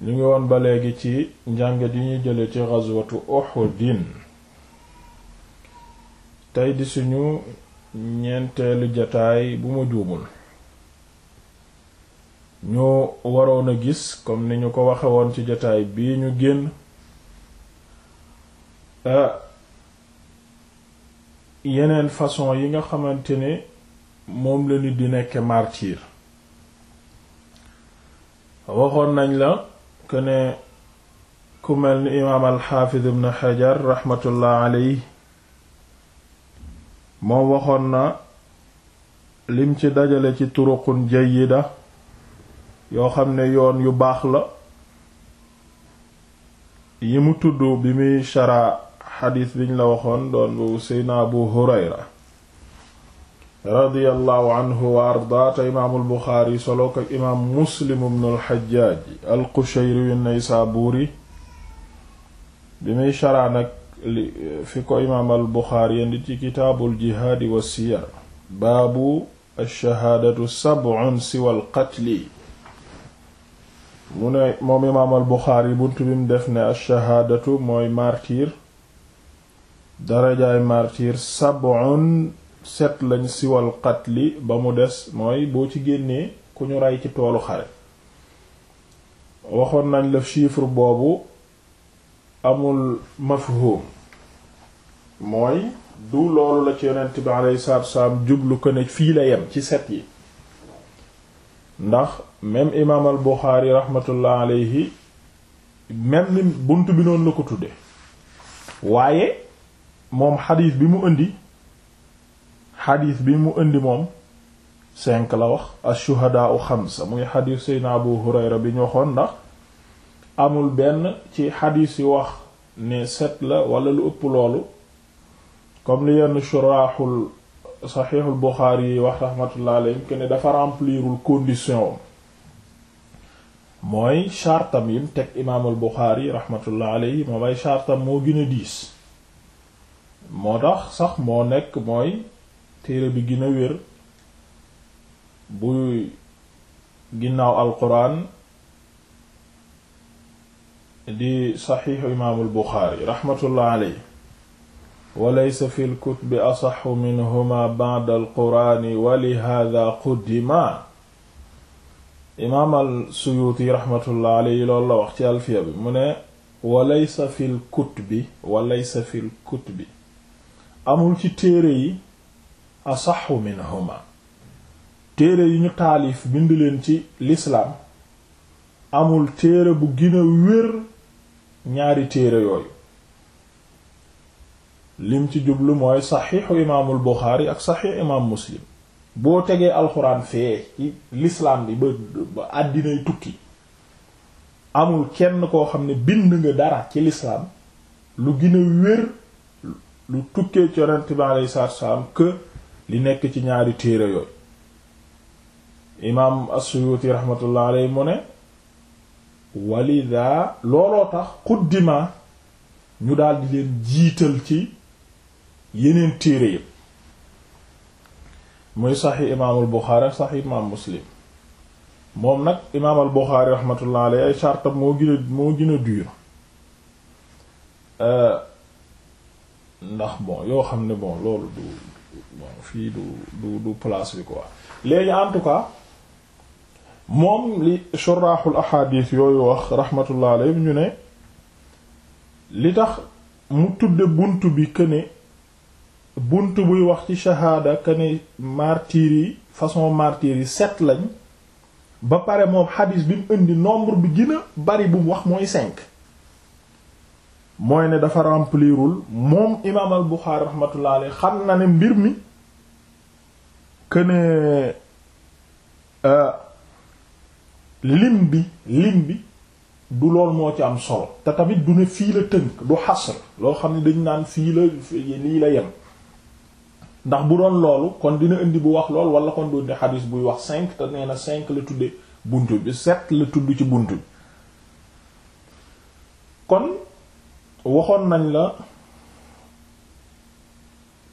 ñu ngi woon ba léegi ci njàngat yi ñu jële ci ghazwatu Uhudin tey di suñu ñeenteelu jataay bu ma juumul ñu waroon a gis comme ni ñu ko waxe woon ci jataay bii ñu génn yeneen façon yi nga xamante ne moom la nit di nekk martyr waxoon nañ la que ku mel ni imaam alxaafid ibn xajar raxmatullah aley waxoon na lim ci dajale ci turuqun jayyida yoo xam ne yoon yu baax la yi mu tudd bi muy sharaa xadiis biñ la waxoon doon bu seyna abu hurayra radiyallahu anhu wa arda te imaamul buxaari muslim ibnul xajjaaj alqushayri naysaabuuri bi muy sharaa nag li fi ko imaam al baabu alshahaadatu sab'un siwal qatli mu ne moom imaam al buxaari bunt bi mu set lañ siwal qatli ba mu des mooy boo ci génnee ku ñu rey ci toolu xare waxoon nañ la chiffre boobu amul mafhum mooy du loolu la ci yonent bi alayhi salaatu wassalaam jublu ko ne fii la yem ci set yi ndax même imaam al Buxaari rahmatullah alayhi même bunt bi noonu la ko tudde waaye moom xadiis bi mu indi xadiis bi mu indi moom cinq la wax ashuhadaau xamsa muy xadiis seydna abu hurayra bi ñu waxoon ndax amul benn ci xadiis yu wax ne set la wala lu ëpp loolu comme li yenn shuraaxul saxiixul buxaari yi wax raxmatullah alayhi que ne dafa remplirul condition mooy chartam yim moom ay chartam moo gën a diis moo tax sax moo nekk mooy téere bi gën a wér buy ginnaaw alquran di saxiixu imaamul buxaari raxmatullah aley walaysa fi imaam al raxmatullah aley loolu la bi mu ne walaysa fi lkutubi amul ci yi asaxu minhuma téere yi ñu taalif bind leen ci lislaam amul téere bu gën a wér ñaari téere yooyu lim ci jublu mooy saxiixu imaamul buxaari ak saxiix imaam muslim boo tegee alxuraan fee ci lislaam bi ba àddinay tukki amul kenn koo xam ne bind nga dara ci lislaam lu gën wér lu tukkee ci yonent bi alayhi salaatu wa li nekk ci ñaari téere yooyu imaam as-Suyuti rahmatullah alayhi mu ne walida looloo tax xuddima ñu daldi leen jiital ci yeneen téere yëpp muy saxi imaamul Buxaari saxi imaam Muslim moom nag imaamal Buxaari rahmatullah alayhi ay chartam moo gën moo gën a dur euh, ndax bon yoo xam ne bon loolu fii du du du place bi quoi léegi en tout cas moom li shurahul ahadith yooyu wax rahmatullah alayhi ñu ne li tax mu tudde bunt bi këne bunt buy wax ci shahaada këne martyrs yi façon martyrs yi sept lañ ba pare moom xadiis bi mu indi nombre bi gën bari bu mu wax mooy cinq mooy ne dafa remplirul moom imaam al Buxaari rahmatullah xam na ne mbir mi que ne euh, lim bi lim bi du lool moo ci am solo te tamit du ne fii la tënk du xasr loo xam ne dañ naan fii la lii la yem ndax bu doon loolu kon dina indi bu wax lool wala kon du indi xadis buy wax cinq te nee cinq la tudde buntu bi sept la tudd ci bunt bi kon waxoon nañ la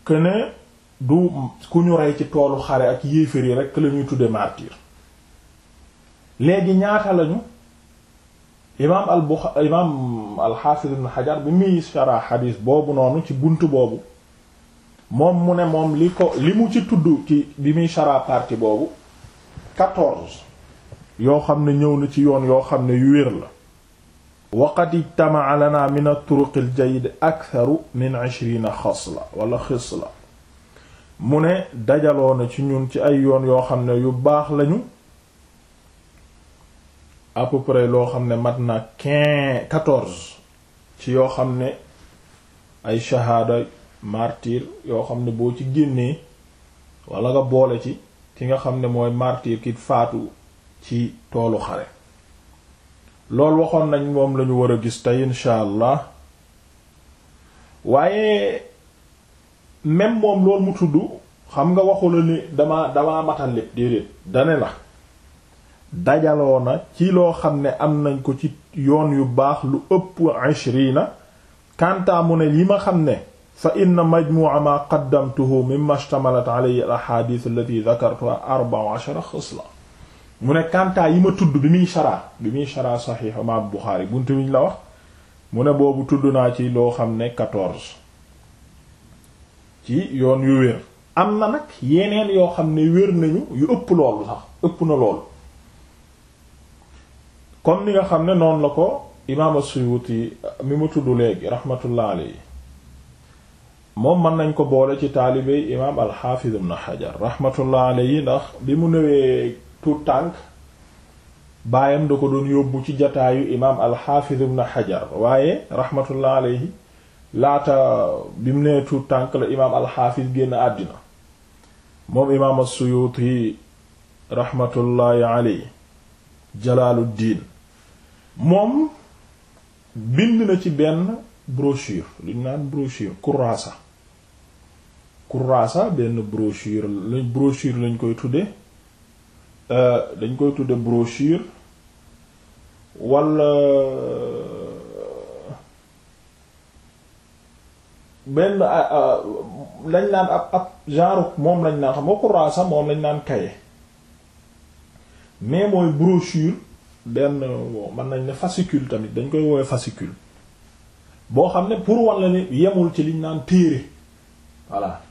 que ne du ku ñu rey ci toolu xare ak yéefar yi rekk la ñuy tudde martyr léegi ñaata lañu imaam al Buxaari imaam alxaafis ibn bi muy shara xadiis boobu noonu ci bunt boobu moom mu ne moom li ko li mu ci tudd ci bi muy shara parti boobu quatorze yoo xam ne ñëw na ci yoon yoo xam ne yu wér la waqad ijtama'a lana min at-turuq al-jayyid aktharu min ishrina xasla wala xisla mu ne dajaloo na ci ñun ci ay yoon yoo xam ne yu baax lañu à peu loo xam ne mat na quinze quatorze ci yoo xam ne ay shahaada martyr yoo xam ne boo ci génnee wala nga boole ci ki nga xam ne mooy martyr ki faatu ci toolu xare loolu waxoon nañ moom lañu war a gis tey incha allah waaye même moom loolu mu tudd xam nga waxu la ni dama dama matal lépp déedéet dane la dajaloo na ci loo xam ne am nañ ko ci yoon yu baax lu ëpp ishrina kantaa mu ne yi ma xam ne fa inna majmu'a ma qaddamtuhu mimma ishtamalat alayhi al ahadith allati dhakartuha arba'a ashara xisla mu ne kantaa yi ma tudd bi muy shara bi muy shara saxiix imaam Buxaari bunt bi ñu la wax mu ne boobu tudd naa ci loo xam ne quatorze ci yoon yu wér am na nag yeneen yoo xam ne wér nañu yu ëpp loolu sax ëpp na loolu kon ni nga xam ne noonu la ko imaam Suyuuti mi mu tudd léegi rahmatullah yi moom mën nañ ko boole ci taalibe imaam al-Hafiz ibn Hajar rahmatullah alayhi ndax bi mu newee tout tànk baayam da ko doon yóbbu ci jataayu imaam alxaafiz ibn xajar waaye rahmatullah laata bi mu nee tout tànk la imaam alxaafiz génn àddina moom imaam as-suyuti rahmatullahi alayhi jalaaluddin moom bind na ci benn brochure lu ñu naan brochure kurraasa kurraasa benn brochure lañ brochure lañ koy tuddee Euh, dañ koy tudde brochure walla euh, benn euh, lañ naan ab ab genre moom lañ naan xam nga xuraasa moom lañ naan kaye mais mooy brochure benn mën nañ ne fasicule tamit dañ koy woowee fascicule boo xam ne pour wan la ne yemul ci liñ naan téere voilà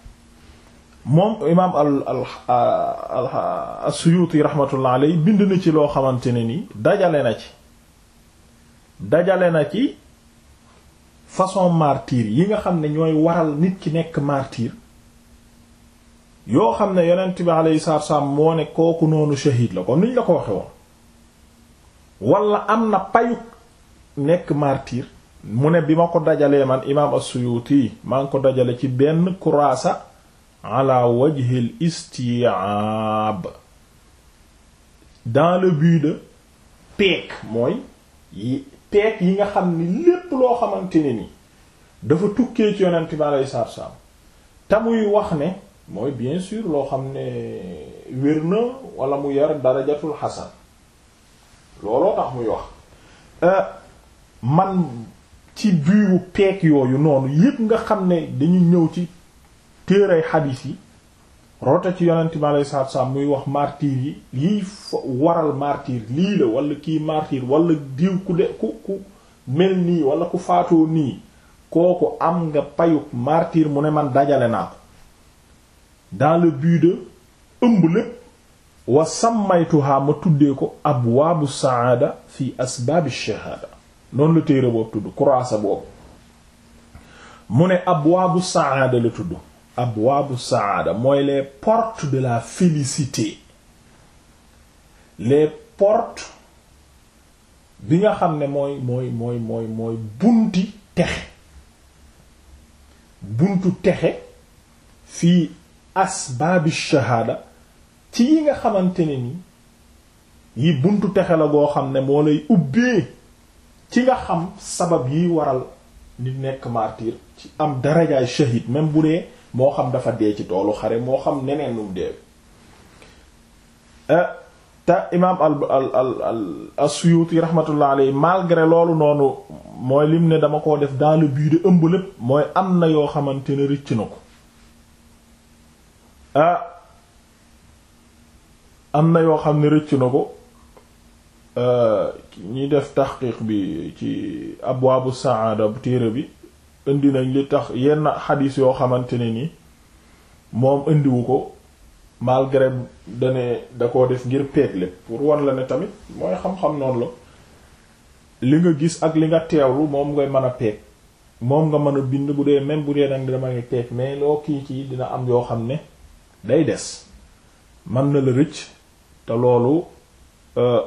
moom imaam al al al suyuti rahmatullah alayhi bind na ci loo xamante ne ni dajale na ci dajale na ci façon martyr yi nga xam ne ñooy waral nit ki nekk martyr yoo xam ne yonent bi alayhi salaatu salaam moo ne kooku noonu shahid la comme niñ la ko waxe woon wala am na payuk nekk martyr mu ne bi ma ko dajalee man imaam as-Suyuti maa ngi ko dajale ci benn kuraasa ala wajhil istiab dans le but de peek mooy yi peek yi nga xam ni lépp loo xamante ne ni dafa tukkee ci yonent bi alayhi salaatu wa te muy wax ne mooy bien sûr loo xam ne wér na wala mu yar darajatul xasan looloo tax muy wax euh, man ci biiru peek yooyu noonu yépp nga xam ne dañuy ñëw ci téeray xadiis yi roote ci yonent bi alayhi salaatu salaam muy wax martyr yi lii waral martyr lii la wala kii martyr walla diw ku de ku ku mel nii walla ku faatoo nii kooku am nga payuk martyr mu ne man dajale naa ko dans le but de ëmb lépp wa sammaytuhaa ma tuddee ko abwaabu saada fi asbaabi shahaada noonu la téere boobu tudd kuraasa boobu mu ne abwaabu saada la tudd abwaabu saada mooy les portes de la félicité les portes bi nga xam ne mooy mooy mooy mooy bunti texe buntu texe fii asbaabi shahaada ci yi nga xamante ne ni yi buntu texe la goo xam ne moo lay ubbee ci nga xam sabab yi waral nit nekk martyr ci am darajaay shahid même bu dee moo xam dafa dee ci toolu xare moo xam neneen num dee eh, te imaam al al al as-Suyuti rahmatullah loolu noonu mooy lim ne dama koo def daal bii but ëmb lépp mooy am na yoo xamante ne rëcc ko ah am na yoo xam ne rëcc na ko eh, ñi def taxqiq bi ci abwaabu saada bu téere bi indi nañ li tax yenn xadiis yoo xamante ne ni moom indiwu ko malgré dane da koo def ngir peeg lépp pour wan la ne tamit mooy xam-xam noonu la li nga gis ak li nga teewlu moom ngay mën a peeg moom nga mën a bind bu dee même bu dee nag dama ngi peeg mais loo kii kii dina am yoo xam ne day des man na la rëcc te loolu euh,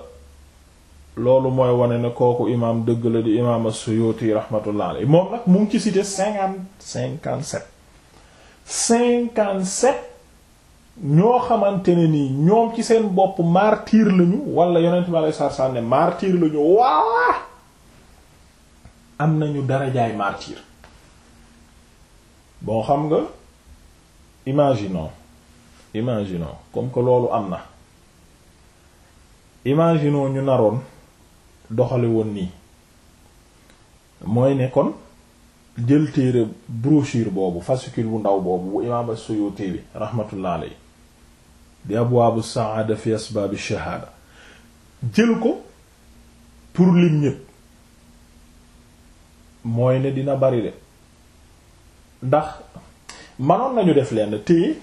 loolu mooy wane ne kooku imaam dëgg la di imaam as-Suyuti rahmatullah alayhi moom nag mu ngi ci cité cinquante cinquante sept ñoo xamante ne nii ñoom ci seen bopp martyr lañu wala yonent bi alayhi salaam ne martyr lañu waa am nañu darajaay martyr bon xam nga imagino imagino comme que loolu am na imagino ñu naroon doxale woon nii mooy nekkoon kon jël téere brochure boobu fascicule bu ndaw boobu bu imaam as-Suyuti bi rahmatullah alayhi di saada fi asbaab ash-shahaada jël ko pour lim ñépp mooy ne dina bari de ndax manoon nañu def lenn téye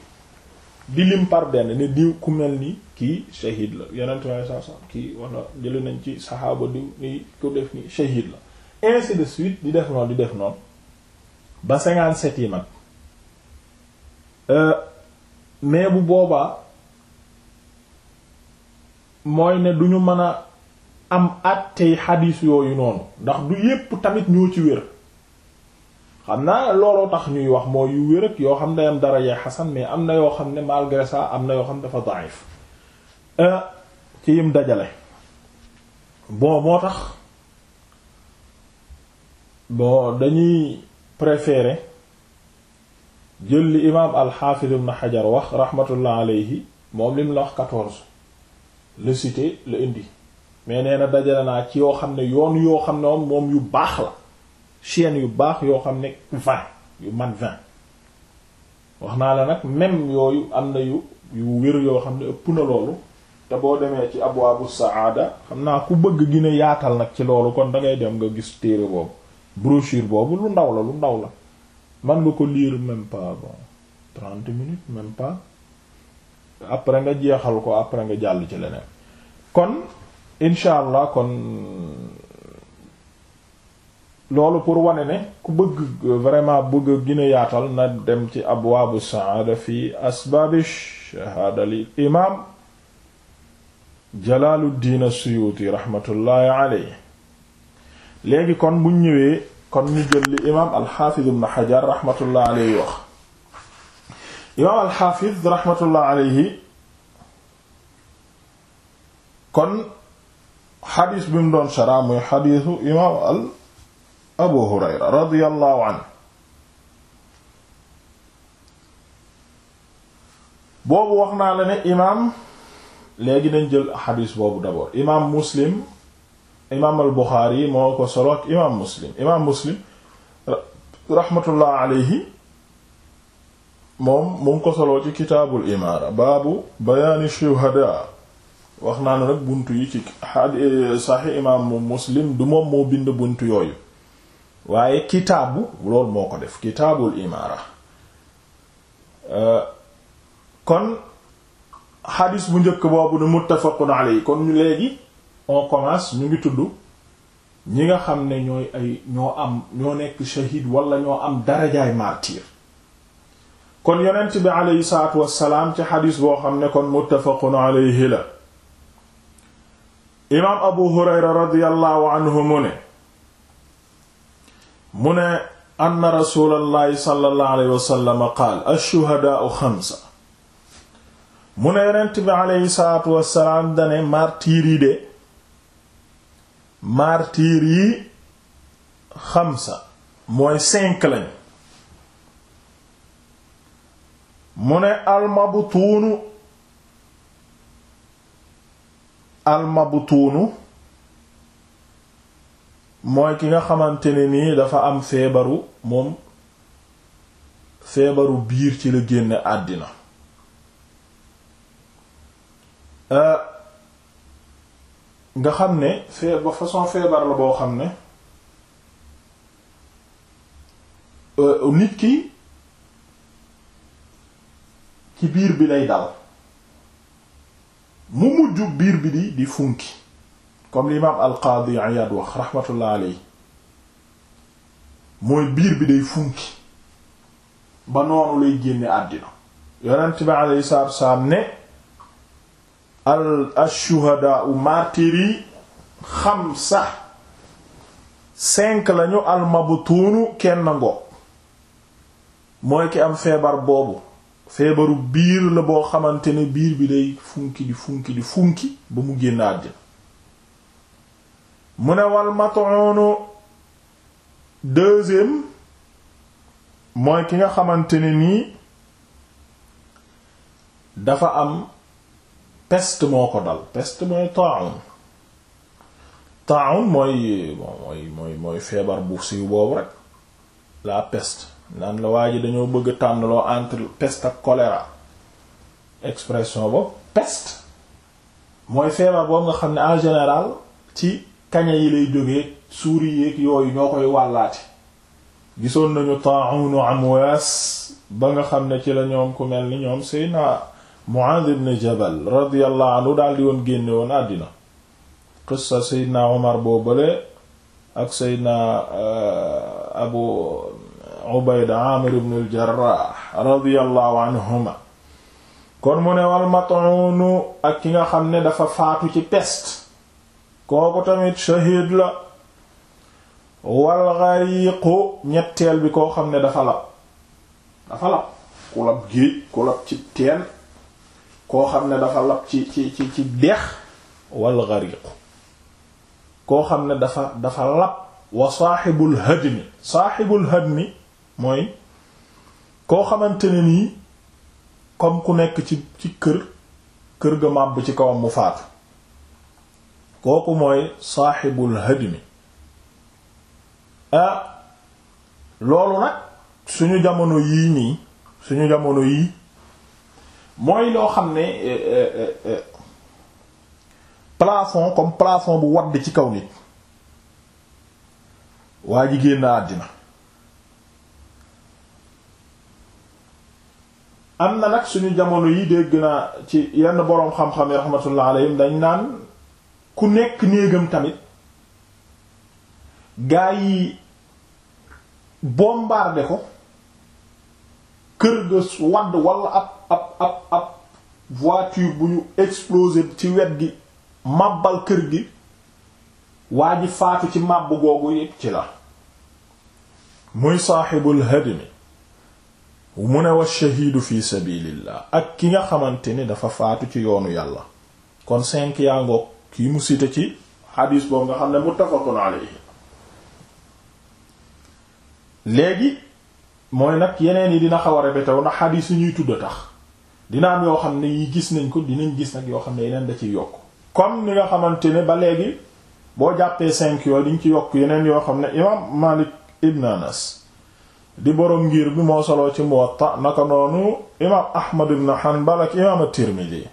di lim par benn ne diw ku mel ni kii shahid la yenent ma sa kii wala jëli nañ ci saxaaba di ni ko def ni shahid la ainsi de suite di def noonu di def noonu ba cinquante-sept yi mag euh, mais bu boobaa mooy ne ñu mën a am àttey xadiis yooyu noonu ndax du yépp tamit ñoo ci wér xam naa looloo tax ñuy wax mooy yu wér yoo xam ne am dara yee xasan mais am na yoo xam ne malgré ça am na yoo xam dafa daif Euh, ci yim dajale bon moo tax bon dañuy préférer jël li imaam al-Hafiz ibn wax rahmatullah alayhi moom lim la wax quatorze le cité la indi mais nee na dajale naa ci yoo xam ne yoon yoo xam ne moom yu baax la chaîne yu baax yoo xam ne vingt yu man vingt wax naa la nag même yooyu am na yu yu wér yoo xam ne ëpp na loolu te boo demee ci abwaabu saada xam naa ku bëgg gine yaatal nag ci loolu kon dangay dem nga gis téere boobu brochure boobu lu ndaw la lu ndaw la man nga ko lire même pas bon trente minutes même pas après nga jeexal ko après nga jàll ci leneen kon incha allah kon loolu pour wane ne ku bëgg vraiment bëgg gine yaatal na dem ci abwaabu saada fi asbaabi shahaada lil jalaaluddiin as-suyuuti raxmatullaahi léegi kon bu ñëwee kon ñu jël li imaam alxaafiz ibn xajar raxmatullaahi wax imaam alxaafiz raxmatullaahi aleyhi kon xadiis bi mu doon sharaa muy xadiisu imaam al abu hurayra radiyallaahu anhu boobu wax naa la ne imaam léegi dañ jël xadiis boobu d'abord imaam muslim imaam al buxaari moo ko solo ak imaam muslim imaam muslim rahmatullah alayhi moom mu ngi ko soloo ci kitaabul imaara baabu bayaani shuhada wax naa nag bunt yi ci saxi imaamu muslim du moom moo bind bunt yooyu waaye kitaabu loolu moo ko def kitaabul imaara euh, kon xadis bu njëkk boobu nu muttafaqun alayhi kon ñu léegi on commence ñu ngi tudd ñi nga xam ne ñooy ay ñoo am ñoo nekk shahid wala ñoo am darajaay martyr kon yonent bi aleyhi salaatu wassalaam ci xadis boo xam ne kon muttafaqun alayhi la imaam abu hurayra radiyallahu anhu mu ne mu ne anna rasulallahi sallallahu alayhi wa qaal mu ne yonent bi aleyhi wassalaam dane martiir yi de martiir yi xamsa mooy cinq lañ mu ne almabtuunu almabtuunu mooy ki nga xamante ne nii dafa am feebaru moom feebaru biir ci la génne àddina Euh, nga xam ne feebar façon feebar la boo xam ne euh, nit ki ci biir bi lay dal mu mujj biir bi di di funki comme l'imam al-Qadi Iyad wax rahmatullah mooy biir bi day funki ba noonu lay génne àddina yonent bi alayhi salaatu wa ne al ashuhadaa u martyrs yi xamsa cinq lañu al mabtuunu kenn ngo mooy ki am feebar boobu feebaru biir la boo xamante ne biir bi day funki di funki di funki ba mu génn àddina mu ne wal mat'uunu deuxième mooy ki nga xamante ne nii dafa am peste moo ko dal peste mooy taa'un taa'un mooy mooy mooy feebar bu siiw boobu rek la peste naan la waa ji dañoo bëgg a tànnaloo entre peste ak choléra expression boobu peste mooy feebar boobu nga xam ne en général ci kaña yi lay jógee suuri yéeg yooyu ñoo koy wàllaati gisoon nañu taa'unu Amwaas ba nga xam ne ci la ñoom ku mel ni ñoom sëy Muaaz ibn Jabal radiyallahu anhu daal di woon génne woon àddina qissa Seydina Omar boobale ak Seydina uh, Abu Ubayda Aamir ibn al-Jarraah anhuma kon mu ne wal mat'uunu ak ki nga xam ne dafa faatu ci pest kooku tamit shahiid la wal ghariiqu ñetteel bi koo xam ne dafa lab dafa lab ku ci teen koo xam ne dafa lab ci ci ci ci dex wal gariqu koo xam ne dafa dafa lab wa saaxibul hadni saaxibul hadni mooy koo xamante ne nii comme ku nekk ci ci kër kër ga màbb ci kawam mu faatu kooku mooy saaxibul hadmi ah loolu nag suñu jamono yii nii suñu jamono yii mooy loo xam ne euh, euh, euh, plafond comme plafond bu wadd ci kaw nit waa ji génn àddina am na nag suñu jamono yi dégg naa ci yenn boroom xam-xam yi rahmatullah alayhim dañ naan ku nekk néegam tamit gaa yi bombardé ko kër ga wadd walla ab ab ab ab voiture bu ñu explosé ci wet gi màbbal kër gi waa ji faatu ci màbb googu yépp ci la muy saaxibul hadimi mu ne wa shahiidu fi sabilillah ak ki nga xamante ni dafa faatu ci yoonu yàlla kon cinq yaa kii mu cité ci xadiis boobu nga xam ne muttafaqun alayhi léegi mooy nag yeneen yi dina xaw a répété wu ndax xadiis yi ñuy tudd a tax dina am yoo xam ne yi gis nañ ko dinañ gis nag yoo xam ne yeneen da ciy yokk kon ni nga xamante ne ba léegi boo jàppee cinq yooyu diñ ci yokk yeneen yoo xam ne imaam Malik ibn Anas di boroom ngir bi moo soloo ci Muwatta naka noonu imaam Ahmad ibn Hanbal ak imaam at-Tirmidhi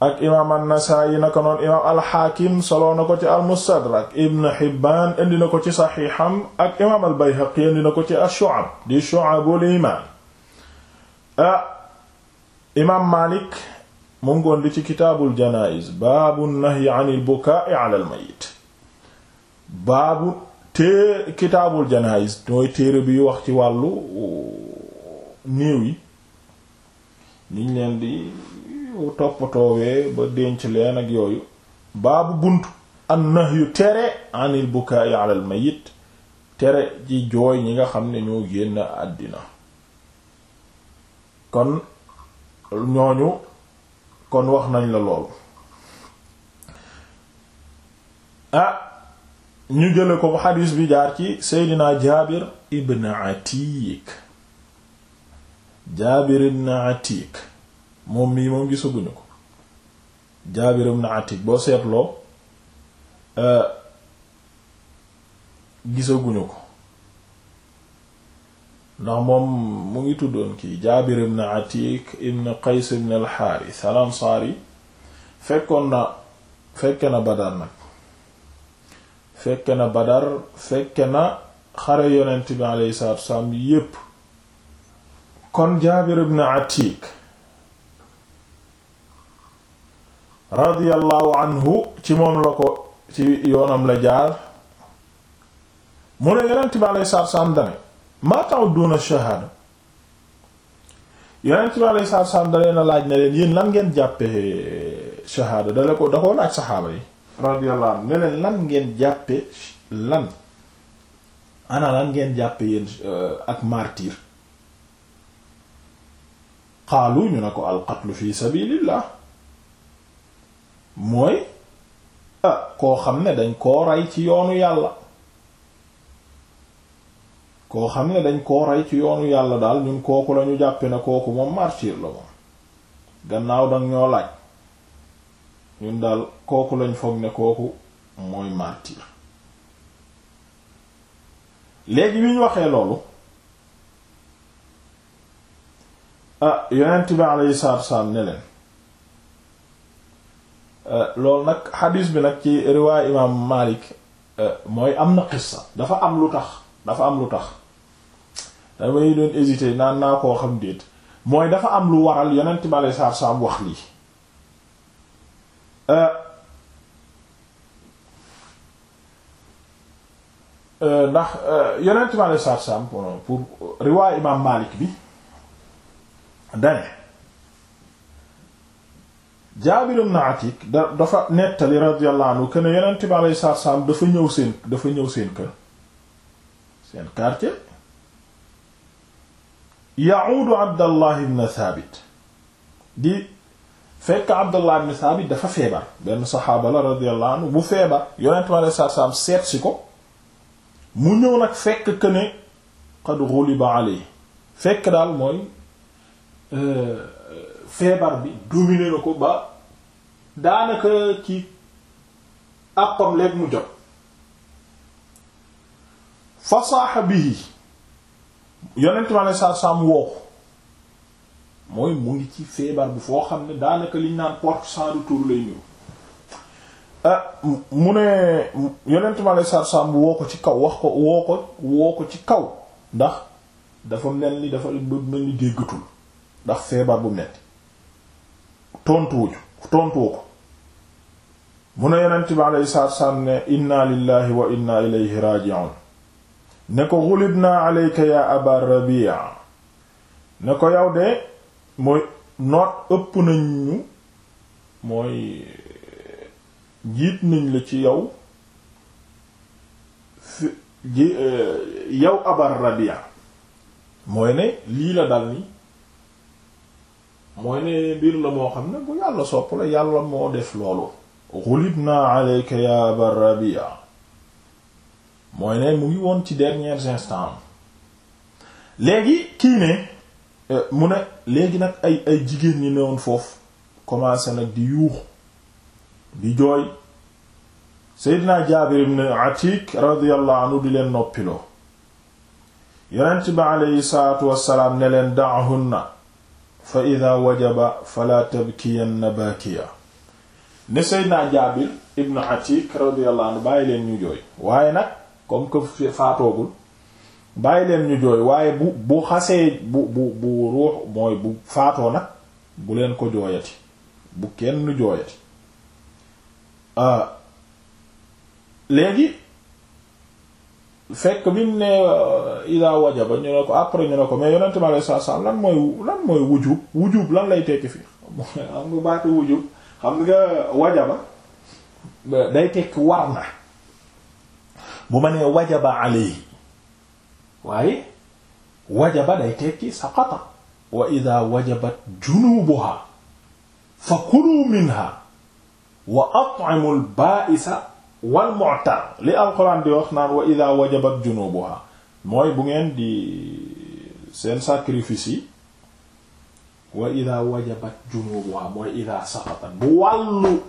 ak imaam an-Nasaa'i naka noonu imaam al-Haakim soloo na ko ci al-Mustadrak Ibn Hibbaan indi na ko ci Saxiixam ak imaam al-Bayhaqi indi na ko ci ash-Shu'ab di Shu'abul Iimaan imaam Maalik mu ngoon li ci kitaabul janaa'iz baabu nahyi anil bukaa'i alal mayit baabu te kitaabul janaa'iz mooy téere bi wax ci wàllu néew yi niñ leen di toppatoowee ba denc leen ak yooyu baabu bunt an nahyu tere anil bukaa'i alal mayit tere ci jooy ñi nga xam ne ñoo génn àddina kon ñooñu kon wax nañ la loolu ah ñu jële ko bu xadiis bi jaar ci seydina jaabir ibn atiik jaabir ibn atiik moom mii moom gisaguñu ko jaabir ibn atiik boo seetloo ah, gisaguñu ko ndax moom mu ngi tuddoon kii Jaabir ibn Atiik ibn Qays ibn al-Haaris al fekkoon na fekke na Badar nag fekke na Badar fekke na xare yonent bi alayhi salaatu wassalaam yépp kon Jaabir ibn Atiik radiyallahu anhu ci moom la ko ci yoonam la jaar mu ne yonent bi alayhi salaatu wassalaam maa ta'udduna shahaada yonent bi alayhi salaatu salaam da leen a laaj ne leen yéen lan ngeen jàppee shahaada dale ko da koo laaj saxaaba yi radiyallahu anhu ne leen lan ngeen jàppee lan ana ngeen jàppee yéen euh, ak martyr xaalu ñu ne ko al qatlu fi sabilillah mooy ah koo xam ne dañ koo rey ci yoonu yàlla koo xam ne dañ koo rey ci yoonu yàlla daal ñun kooku lañu jàppe ne kooku moom martyr la moom gannaaw dang ñoo laaj ñun daal kooku lañ foog ne kooku mooy martyr léegi bi waxee loolu ah yonent bi alayhi salaatu ne leen ah, loolu nag xadiis bi nag ci riwaay imaam Maalik ah, mooy am na qissa dafa am lu tax dafa am lu tax damay doon hésiter naan naa koo xam déet mooy dafa am lu waral yonent bi aleyhi salaatu salaam wax lii euh, euh, ndax euh, yonent bi aleyhi salaatu salaam pour riwaay imaam Maalik bi dane Jaabir ibn Atiik da dafa nettali radiyallahu anhu que ne yonent bi aleyhi salaatu salaam dafa ñëw seen dafa ñëw seen kër seen quartier yaudu abdallah ibn thabit di fekk abdallah ibn thabit dafa feebar benn saxaaba la radiyallahu anhu bu feebar yonent mi alei satu salaam seet si ko mu ñëw nag fekk que ne qad ghuliba alayhi fekk daal mooy euh, feebar bi dominé na ko ba daanaka ci àppam léegi mu jot fa saaxa bihi yonent ma ne saa saam woo ko mooy mu ngi ci feebar bu foo xam ne daanaka liñ naan porte sans retour lay ñëw ah, mu ne yonent ma ne saa saam ci kaw wax ko woo ci kaw ndax dafa mel ni dafa mel ndax feebar bu metti mu ne yonent ma ne saa saam ne inna lillahi wa inna ilayhi raji'un ne ko gulibna alayka ya aba rabia ne ko yow de mooy noot ëpp nañ ñu mooy jiit nañ la ci yow ji eh, yow abar rabia mooy ne lii la dal ni mooy ne mbir la moo xam ne bu yàlla sopp la yàlla moo def loolu gulibna alayka ya abar rabia mooy ne mu ngi woon ci derniers instants léegi kii ne euh, mu ne léegi nag ay ay jigéen ñi newoon foofu commencé nag di yuux di jooy Seydina Jaabir ibn Atik radiyallahu di leen noppiloo yonent bi aleyhi salaatu wassalaam ne leen da'hunna fa ida wajaba fala tabkiyanna baakiya ne Seydina Jaabir ibn Atik radiyallahu anhu bàyyi leen ñu jooy waaye nag comme que faatoogul bàyyi leen ñu jooy waaye bu bu xasee bu bu bu ruux mooy bu faatoo nag bu leen ko jooyati bu kenn jooyati ah, léegi fekk bi mu ne euh, ida wajaba ñu ne ko après ñu ne ko mais yonente mi alei satu lan mooy lan mooy wujub wujub lan lay tekki fi xam nga baatu wujub xam nga wajaba day tekki war na bu ma nee wajaba alay waaye wajaba day tekki saqata ida wajabat junubuha fa minha wa at'imu al-ba'isa li alquran di wax naan wa ida wajabat junubuha mooy bu ngeen di seen sacrifice ida wajabat junubuha mooy ida saqatat bu wàllu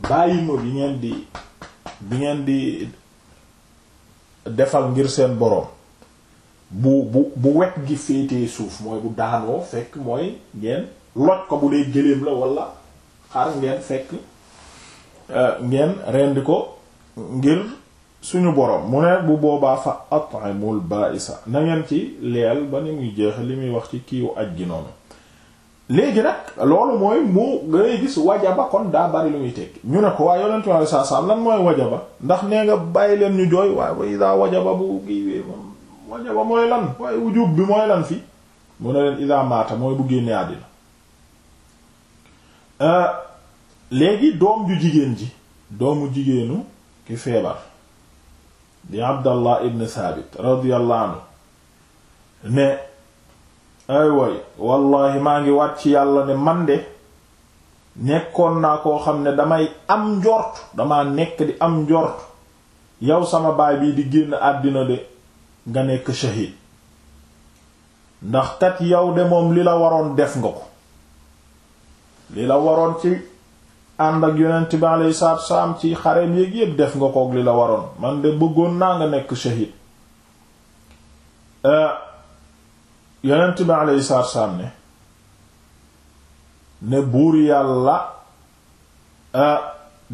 bàyyima bi ngeen ngeen di defal ngir seen boroom bu bu bu wet gi féetee suuf mooy bu daanoo fekk mooy ngeen lot ko bu dee gëléem la walla xar ngeen fekk euh, ngeen rendi ko ngir suñu boroom mu ne bu boobaa fa at'imul ba'isa na nangeen ci leel ba ni muy jeex li muy wax ci kiiw aj gi noonu léegi nag loolu mooy mu ngay gis wajaba kon daa bari lu muy tekki ñu ne ko waaye yonentu Yàlla saa saa lan mooy wajaba ndax nee nga bàyyi leen ñu jooy waaye way daa wajaba bu giiwee moom wajaba mooy lan waaye wujub bi mooy lan fii mu ne leen ida maata mooy bu génne àddina euh, léegi doom ju jigéen ji doomu jigéenu ki feebar di Abdallah ibn Saabit radiyallahu anhu ne ay way wallahi maa ngi waat ci yàlla ne man de nekkoon naa koo xam ne damay am njort damaa nekk di am njort yow sama baay bii di génn àddina de nga nekk shahid ndax kat yow de moom li la waroon def nga ko li la waroon ci ànd ak yonent bi alayhi salaatu salaam ci xareem yéeg def nga kook li waroon man de bëggoon naa nga nekk shahid euh, yonent bi alayhi salaatu salaam ne ne buur yàlla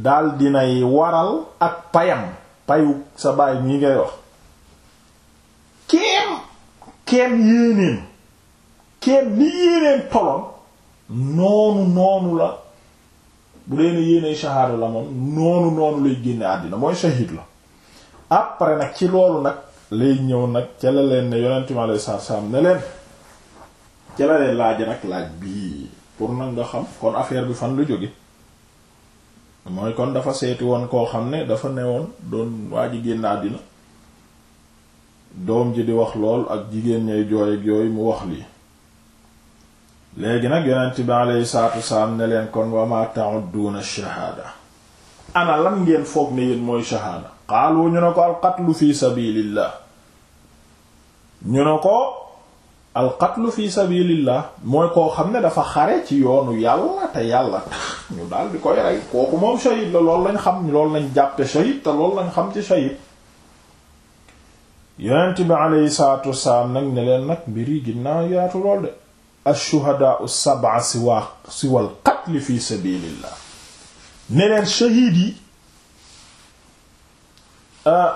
dal dinay waral ak payam payu sa baay ñi ngay wax keem keem yéenéem keem ni yéenéem toloon noonu noonu la bu dee ne yéenay shahaada la moom noonu noonu lay génne àddina mooy shahid la après nag ci loolu nag lay ñëw nag ca la leen ne yonent mi alayhi salaatu salaam ne leen ci la laaj nag laaj bii pour nag nga xam kon affaire bi fan lu jóge mooy kon dafa seeti woon koo xam ne dafa ne woon doon waa ji génn àddina doom ji di wax lool ak jigéen ñay jooy ak mu wax lii léegi nag yonent bi alayhi salaatu wasalaam ne leen kon wa ma ta'udduna shahaada ana ngeen foog ne yéen mooy shahaada qaalu ñu ne ko al qatlu fi sabilillah ñu ne ko alqatlu fi sabilillah mooy koo xam ne dafa xare ci yoonu yàlla te yàlla tax ñu daal di koy rey kooku moom shahid la loolu lañ xam loolu lañ jàppe shahid te loolu lañ xam ci shahid yonent bi aleyhi salatu wassalaam nag ne leen nag mbir yi ginnaaw sab'a siwa fi sabilillah ne leen shahid yi ah,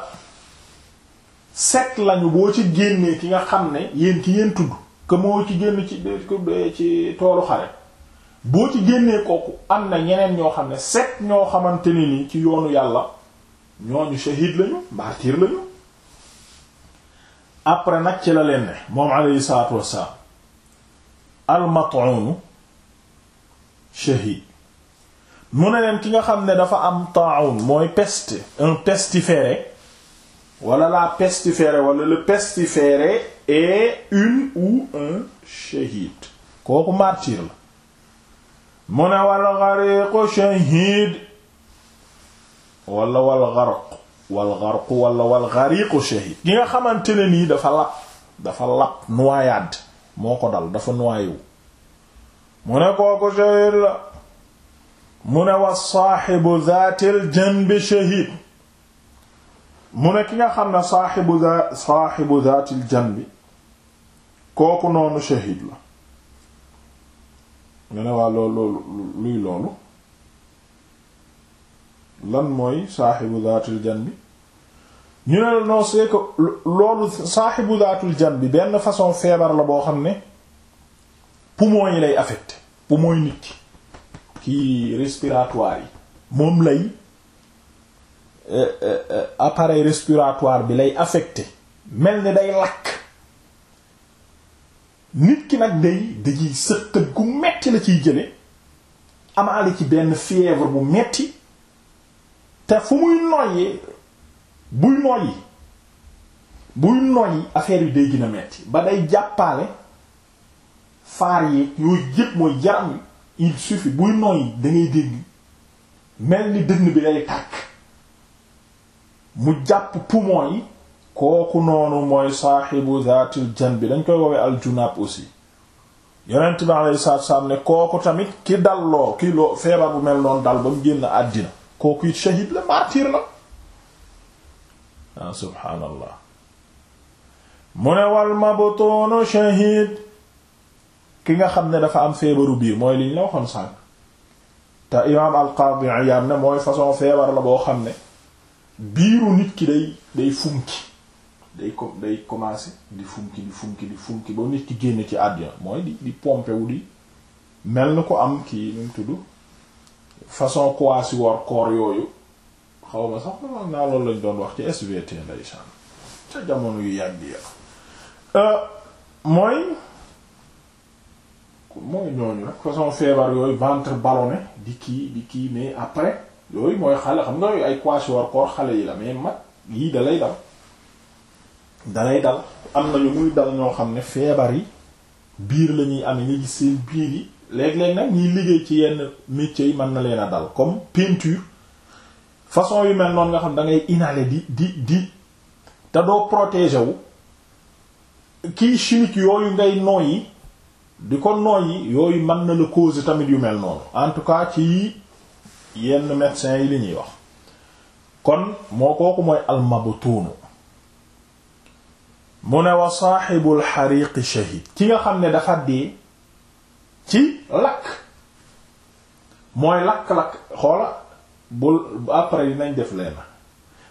set lañu boo ci génnee ki nga xam ne yéen ki yéen tudd que moo ci génn ci ci toolu xare boo ci génnee kooku am na ñeneen ñoo xam ne set ñoo xamante ni nii ci yoonu yàlla ñooñu shahid lañu martyr lañu après nag ci la leen ne moom alayhi salaatu wassalaam almat'unu shahid mu ne leen ki nga xam ne dafa am ta'un mooy peste un pestiféré wala la pestiférée wala le pestiféré est une ou un shahid kooku martyr la mu ne wal gariqu shahid wala wal gharq wal gharq wal gariqu shahid gi nga xamante ne nii dafa lap dafa lap noyade moo ko dal dafa noyé mu ne kooku shahid la mu ne wa saahibu zaatil janbi shahid mu ne ki nga xam ne saaxibu za saaxibu zaatil janbi kooku noonu shahid la nga ne waa luy loolu lan mooy saaxibu zaatil janbi ñu ne non c'est que loolu saaxibu zaatil janbi benn façon feebar la boo xam ne poumon yi lay affecté poumon yi nit ki kii respiratoire yi moom lay Euh, euh, euh, appareil respiratoire bi lay affecté mel ni day lakk nit ki nag day dajiy sëqët gu metti la ciy jële amaale ci benn fièvre bu metti te fu muy noyyee buy noyyi buy noyyi affaire yi day gën a metti ba day jàppaale faar yi yooyu yëpp mooy yaram il suffit buy noyyi da dégg mel ni dënn bi lay tàkk mu jàpp poumon yi kooku noonu mooy saaxibu zaatil bi dañ koy woowee aljunaab aussi yonent bi alayhi salaatu salaam ne kooku tamit ki dal loo ki loo feebar bu mel noonu dal ba mu génn àddina kooku it shahid la martyr la ah, subhaanallah mu ne wal mabtuunu shahid ki nga xam ne dafa am feebaru biir mooy li la waxoon sànq te imaam al qaadi Iyaad ne mooy façon feebar la boo xam ne biiru nit ki day day funki day ko day commencer di funki di funki di funki ba nit ki génn ci àddina mooy di pompe wu di mel na ko am kii nu mu tudd façon quasi war corps yooyu xaw ma sax man naa lañ doon wax ci SVT ndeysaan ca jamono yu yàgg ya euh, mooy mooy ñooñu rek façon feebar yooyu ventre ballonné di kii di kii mais après yooyu mooy xale xam nga ay quassior koor xale yi la mais mag yii dalay dal dalay dal am na ñu muy dal ñoo xam ne feebar yi biir la ñuy am nga gis seen biir yi léeg-léeg nag ñiy liggéey ci yenn métiers yi mën na leen a dal comme peinture façon yu mel noonu nga xam da ngay inhaler di di di te doo protéger wu kii chimique yooyu ngay nooy yi di ko nooy yi yooyu mën na la causer tamit yu mel noonu en tout cas ci yenn médecins yi li ñuy wax kon moo kooku mooy almabtuunu mu ne wa saaxibul xariiqi shahid ki nga xam ne dafa dee ci lakk mooy lakk-lakk xoola bul après dinañ def leena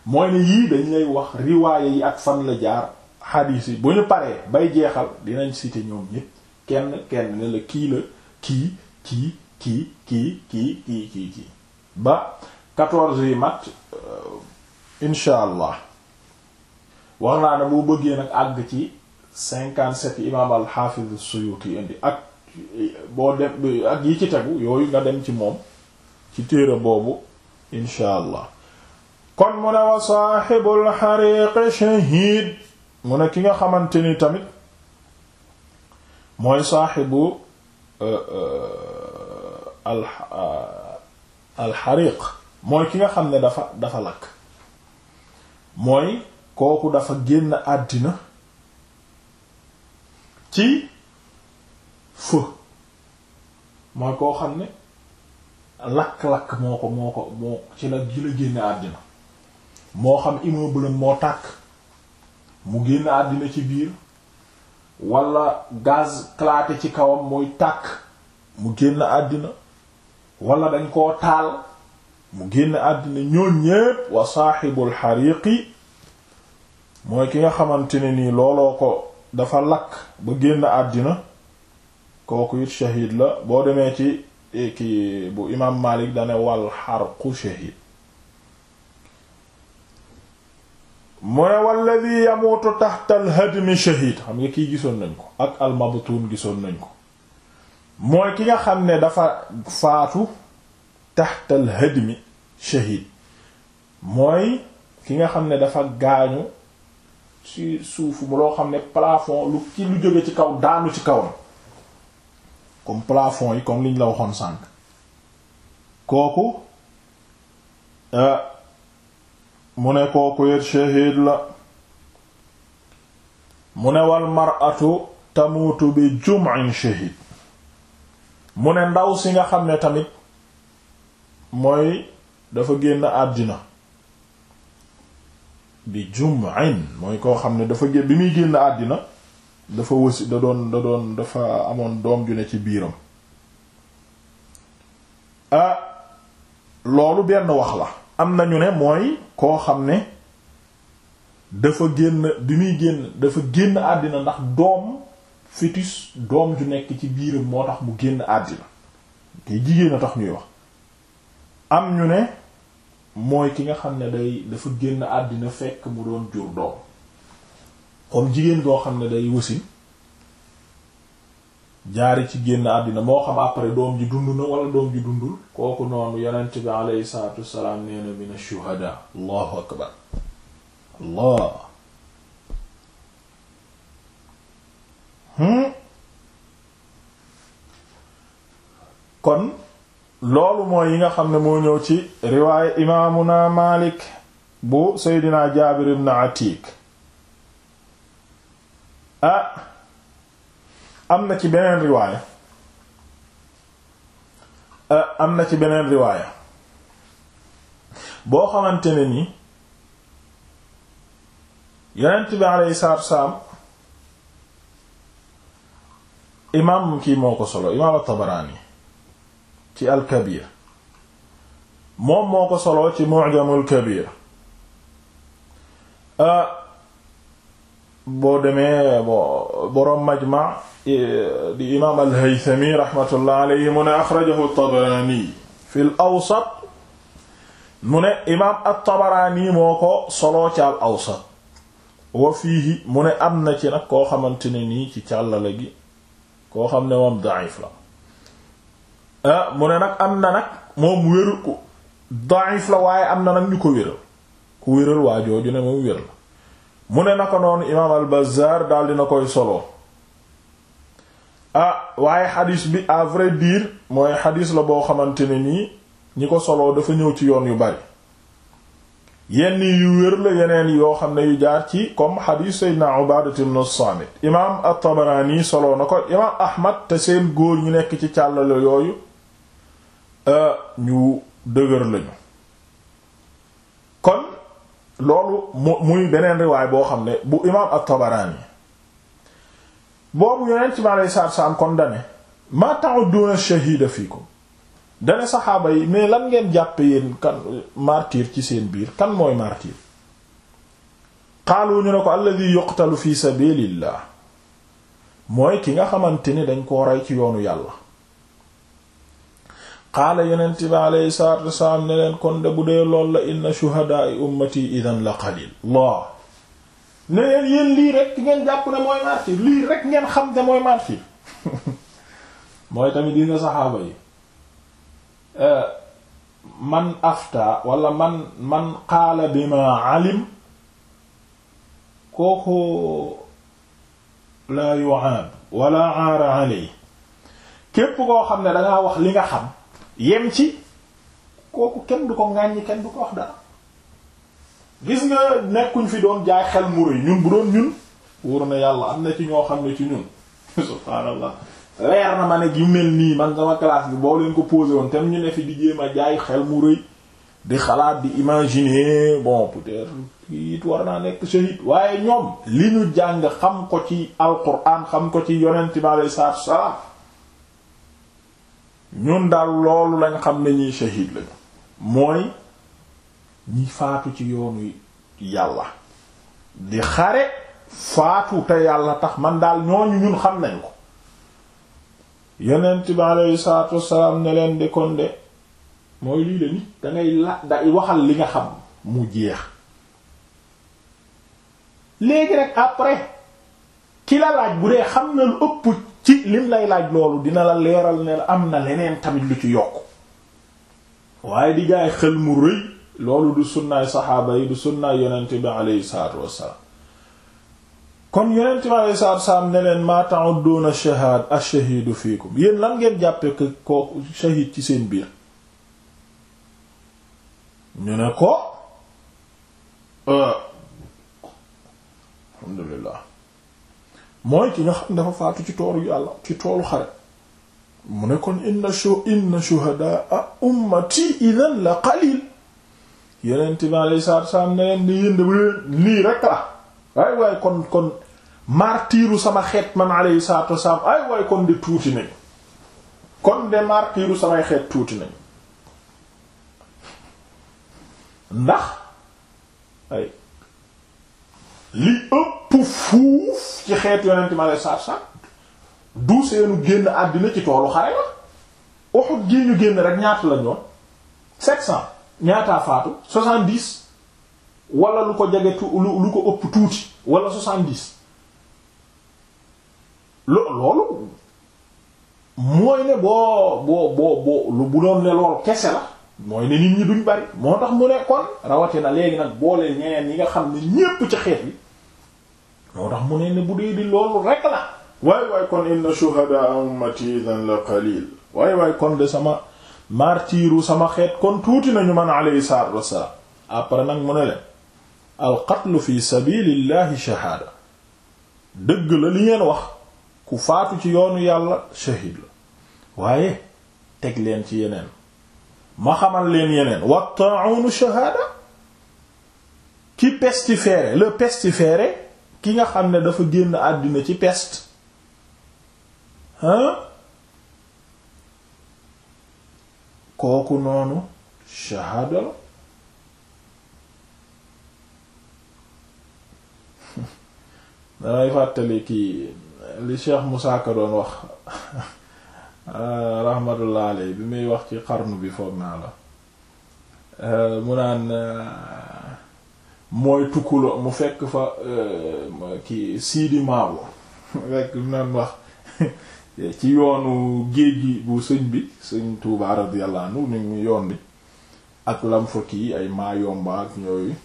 mooy ne yii dañ lay wax riwaaya yi ak fan la jaar xadiis yi bu ñu paree bay jeexal dinañ citer ñoom ñépp kenn kenn ne la kii la kii kii kii kii kii kii kii kii ba quatorze yi mat euh, incha allah wax naa boo bëggee nag àgg ci cinquante sept yi imaam al-Hafiz Suyuti indi ak boo dem ak yi ci tegu yooyu nga dem ci moom ci téere boobu incha allah kon mu ne wa ki nga xamante ni tamit mooy saaxibu euh, euh, al alxariq mooy ki nga xam ne dafa dafa lakk mooy kooku dafa génn àddina ci fë mooy koo xam ne lakk-lakk moo ko moo ko moo ci la ji la génn àddina moo xam immeuble moo tàkk mu génn àddina ci biir walla gaz éclaté ci kawam mooy tàkk mu génn àddina wala dañ koo taal mu génn àddina ñooñ ñépp wa saaxibul xariiqi mooy ki nga xamante ne nii looloo ko dafa lakk ba génn àddina kooku it shahid la boo demee ci eh, ki bu imaam Maalik dane wal xarqu shahid mu ne walladi yamuutu taxta al hadmi shahid xam nga kii gisoon nañ ko ak al mabtuun gisoon nañ ko mooy ki nga xam ne dafa faatu taxtal hadmi shahid mooy ki nga xam ne dafa gaañu ci suufu mu loo xam ne plafond lu ci lu jóge ci kaw daalu ci kawam comme plafond yi comme liñ la waxoon sànq kooku euh, mu ne kooku yet shahid la mu ne wal mar'atu tamutu bi jum'in shahid mu ne ndaw si nga xam ne tamit mooy dafa génn àddina bi jum'in mooy koo xam ne dafa génn bi muy génn àddina dafa dafa amoon doom ju ci biiram ah loolu benn wax la am nañu ne mooy koo xam ne dafa génn bi muy génn dafa génn àddina ndax doom fitis doom ju nekk ci biiram moo tax mu génn àddina te jigéen a tax ñuy wax am ñu ne mooy ki nga xam ne day dafa génn àddina fekk mu doon jur doom comme jigéen goo xam ne day wasin jaari ci génn àddina moo xam après doom ji dund na wala doom ji dundul kooku noonu yonent bi aleyhi salatu salaam nee na mina shuhada allahu akbar allah Hmm? kon loolu mooy yi nga xam ne moo ñëw ci riwaay riwaaye na Maalik bu Seydina Jaabir ibn Atiik ah am na ci beneen riwaaya ah, am na ci beneen riwaaya boo xamante ne ni yonent bi alayhi salaatu wa salaam imaam kii moo ko solo imaam at-Tabaraani ci al-Kabir moom moo ko solo ci Mu'jamul Kabir ah, boo demee bo boroom Majma eh, di imaam al-Haythami rahmatullah mu ne axrajahu at-Tabaraani fi al-Awsat mu ne imaam at-Tabaraani moo ko solo ci al-Awsat wa fiihi mu ne am na ci nag koo xamante ni nii ci càllale gi boo xam ne moom da'if la ah mu ne nag am na nag moom wéru ko da'if la waaye am na nag ñu ko wéral ku wéral waa jooju ne moom wér la mu ne na ko noonu imaam al-Bazzar daal dina koy solo ah waaye xadis bi à vrai dire mooy xadis la boo xamante ne nii ñi ko soloo dafa ñëw ci yoon yu bari yenn yu wér la yeneen yoo xam ne yu jaar ci comme xadiis Seydina Ubaadatu ibn Saamit imaam at-Tabaraani soloo na ko imaam Ahmad te seen góor ñu nekk ci càllale yooyu euh, ñu dëgër lañu kon loolu mu muy beneen riwaay boo xam ne bu imaam at-Tabaraani boobu yeneen ci ma lay saar saam kon dane maa ta'udduna shahiida fiikum dane saxaaba yi mais lan ngeen jàppe yéen kan martyr ci seen biir kan mooy martyr xaalu ñu ne ko alladhi yuqtalu fi sabilillah mooy ki nga xamante ni dañ koo ci yoonu yàlla xaala yonent bi aleyhi salatu wasalaam ne leen kon de bu dee lool la inna shuhada'i ummati idan la qalil la ne leen yéen lii rek ngeen jàpp ne mooy martyr lii rek ngeen xam ne mooy martyr mooy tamit dina saxaaba yi Euh, man afta wala man man qaala bima alim kooku la yu'ab wala aara alay képp koo xam ne dangaa wax li nga xam yem ci kooku kenn du ko ŋàññi kenn du ko wax dara gis nga nekkuñ fi doon jaay xel mu rëy ñun bu doon ñun wóor na yàlla am na ci ñoo xam ne ci ñun subhaanallah leer na ma ne yu mel nii man sama classe bi boo leen ko posé woon tam ñu ne fi di jéem a jaay xel mu rëy di xalaat di imaginer bon peut-être war naa nekk shahid waaye ñoom li ñu jàng xam ko ci alquran xam ko ci yonent bi alayhi salaatu salaam ñun daal loolu lañ xam ne ñuy shahid lañu mooy ñi faatu ci yoonu yàlla di xare faatu te yàlla tax man daal ñooñu ñun xam nañ ko yonent bi aleyhi salaatu wassalaam ne de kon de mooy lii la nit dangay la day waxal li nga xam mu jeex léegi rek après ki la laaj bu dee xam na lu ëpp ci lim lay laaj loolu dina la leeral ne la am na leneen tamit lu ci yokk waaye di gaay xel mu rëy loolu du sunnaay saxaaba yi du sunnaay yonent bi aleyhi salaatu wassalaam kon yonent bi alayhi salaatu salaam ne leen maa ta'udduuna shahaad ash-shahiidu fiikum yéen lan ngeen jàppe ko shahiid ci seen biir ñu ne ko euh, alhamdulillah mooy ki nga xam dafa faatu ci tooru yàlla ci toolu xare mu ne kon inna shu inna shuhadaa ummati idan la qalil yonent bi alayhi salaatu salaam ne leen lii rek la waaye waaye kon kon martiru sama xeet man alayhi salaatu wasalaam ay waay kon de tuuti nañ kon de martiru samay xeet tuuti nañ ndax ay li ëpp fuuf ci xeet yonent mi alayhi salaatu wasalaam du seenu génn àddina ci toolu xare la Uhud gi ñu génn rek ñaata la ñoon sept ñaataa faatu soixante-dix wala lu ko jege lu ko ëpp tuuti wala soixante-dix loolu mooy ne boo boo boo boo lu bu doon ne lool kese la mooy ne nit ñi duñ bari moo tax mu ne kon rawatina léegi nag boole ñeneen ñi nga xam ne ñépp ci xeet yi moo tax mu ne ne bu dee di loolu rek la waay waay kon inna shuhada ummati de sama martiru sama xeet kon tuuti nañu man alayhi salaatu wassalaam après nag mu ne leen al qatlu fi sabilillahi shahaada dëgg la li ngeen wax ku faatu ci yoonu yàlla shahid la waaye teg leen ci yeneen ma xamal leen yeneen wa ta'unu ki pestiféré le pestiféré ki nga xam ne dafa génn àdduna ci pest hein kooku noonu shahada la damay fàttali kii li Cheikh Moussa Ka doon wax euh, rahmatullah alay bi muy wax ci xarnu bi foog naa la euh, mu naan euh, mooy tukkulo mu fekk fa ki Sidi Maawo fekk mu wax ci yoonu géej gi bu sëñ bi sëñ Tuubaa radiyallahu anhu ni mu yoon bi ak lam fa kii ay maa yomba ak ñooyu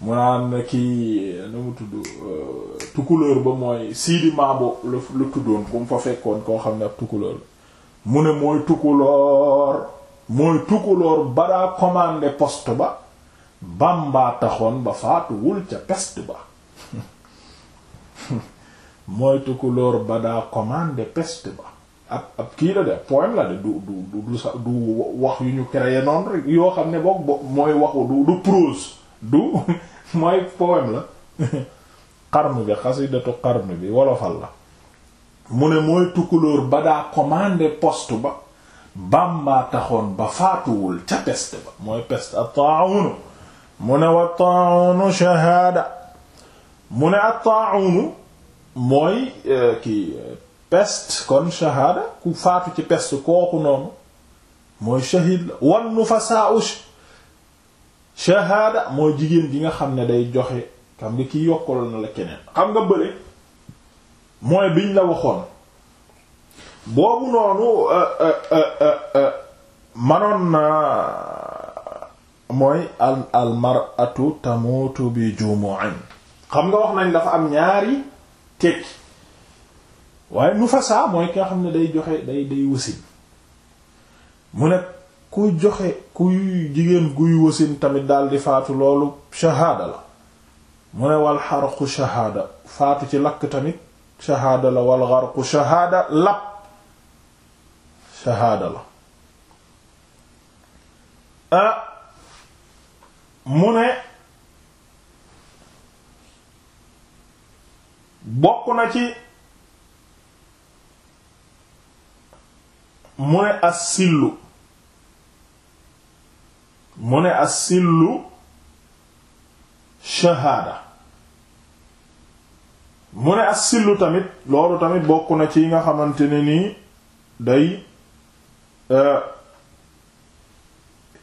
mu naan kii na mu tudd euh, tukulóor ba mooy Sidi Maabo la la tuddoon ku mu fa fekkoon koo xam ne ak tukulóor mu ne mooy tukulóor mooy ba daa commandé poste ba Bamba ba faatuwul ca peste ba mooy tukulóor ba daa commandé peste ba ab ab kii la de poème la de du du du du wax yu ñu créé noonu rek yoo xam ne boog mooy waxu du prose du mooy poème la xarnu bi xasidatu xarnu bi wolofal la mu ne mooy tukkulóor ba daa commandé poste ba bàmbaa taxoon ba faatuwul ca peste ba mooy peste ak taawunu mu ne wa taawunu shahaada mu ne ak taawunu mooy euh, kii peste kon shahaada ku faatu ci peste kooku noonu mooy shahid la fa saa ush shahaada moo jigéen ji nga xam ne day joxe xam nga ki yokkal na la keneen xam nga bële mooy biñ la waxoon boobu noonu euh, euh, euh, manoon na mooy al al mar'atu tamutu bi jumu'in xam nga wax nañ dafa am ñaari tekki waaye nu fasaa mooy ki nga xam ne day joxe day day wasin mu ne ku joxe kuy jigéen guy wasin tamit daldi di faatu loolu shahaada la mu ne wal xarqu shahaada faatu ci lakk tamit shahaada la wal xarqu shahaada lab shahaada la mu ne bokk na ci mu ne as mu ne as-sillu shahaada mu ne as tamit loolu tamit bokk na ci yi nga xamante ne nii day e,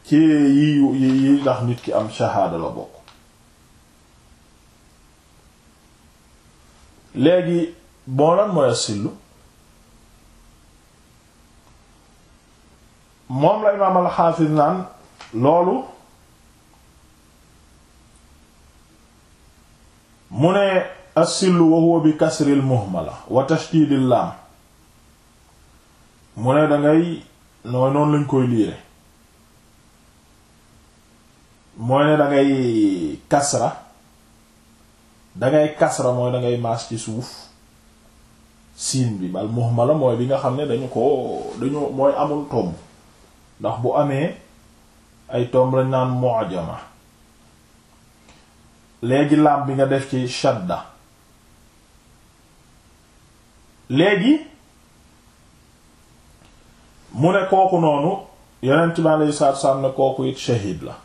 ci yi yi ndax nit ki am shahaada la bokk léegi bon lan mooy as moom la imaam al naan loolu mu ne as-sillu wa huwa bi kasril muhmala wa tashdidil lam mu ne dangay noonu lañ koy liire mooy ne dangay kasra dangay kasra mooy dangay maas ci suuf siin bi bal muhmala mooy bi nga xam ne dañu ko dañu mooy amul tomb ndax bu amee ay tomb lañ naan mu'jama léegi laam bi nga def ci shadda léegi mu ne kooku noonu yonent bi alayhi salaatu salaam ne kooku it shahid la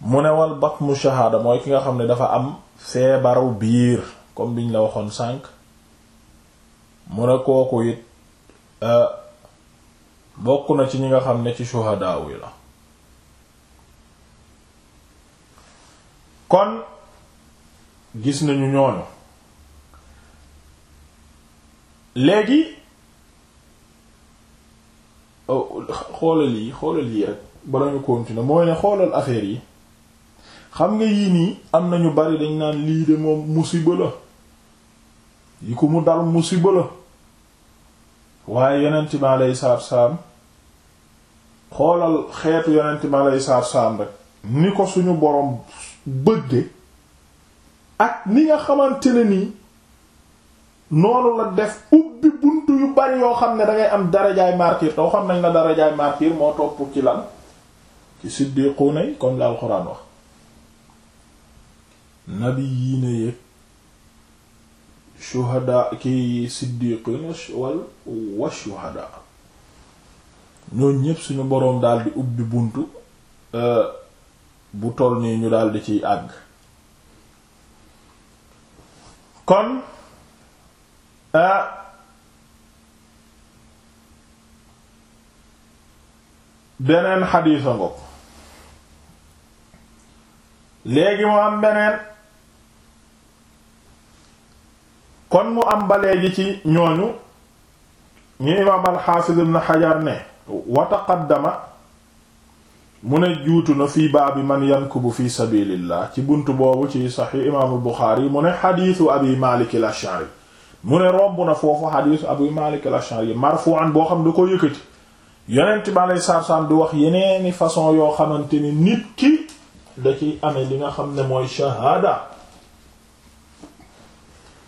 mu ne wal batnu shahaada mooy ki nga xam ne dafa am feebaru biir comme biñ la waxoon sànk mu ne kooku it euh, bokk na ci ñi nga xam ne ci shuhadaaw yi la kon gis nañu ñooñu léegi oh, xoolal yi xoolal yi rek bala ñu continuer mooy ne xoolal affaire yi xam nga yii nii am na ñu bari dañ naan lii de moom musiba la yi ko mu dal musiba la waaye yonent bi aleyhi salaatu wa salaam xoolal xeetu yonent mi aleyhi salaatu salaam rek ni ko suñu boroom bëgge ak ni nga xamante ne nii noonu la def ubbi bunt yu bari yoo xam ne dangay am darajaay martyr taw xam nañ la darajaay martyr moo topp ci lan ci siddiquuna yi comme la alxuraan wax nabi yii ne yëg shuhada ki siddiqun wal wa shuhada ñooñ ñépp suñu boroom daldi ubbi buntu euh, bu toll nii ñu daldi ciy àgg kon euh, beneen xadiisa ngokk léegi mu am beneen kon mu am ba léegi ci ñooñu ñu imaam alxaafiz ibn xajar ne wa taqaddama mu ne juutu na fii baabi man yankubu fi sabilillah ci bunt boobu ci saxi imaamu Buxaari mu ne xadiisu abi Maalik al-Ash'ari mu ne romb na foofu xadiisu abi Maalik al-Ash'ari marfu'an boo xam da ko yëkkati yonent bi alayhi salaatu salaam di wax yeneeni façon yoo xamante ni nit ki da ciy amee li nga xam ne mooy shahaada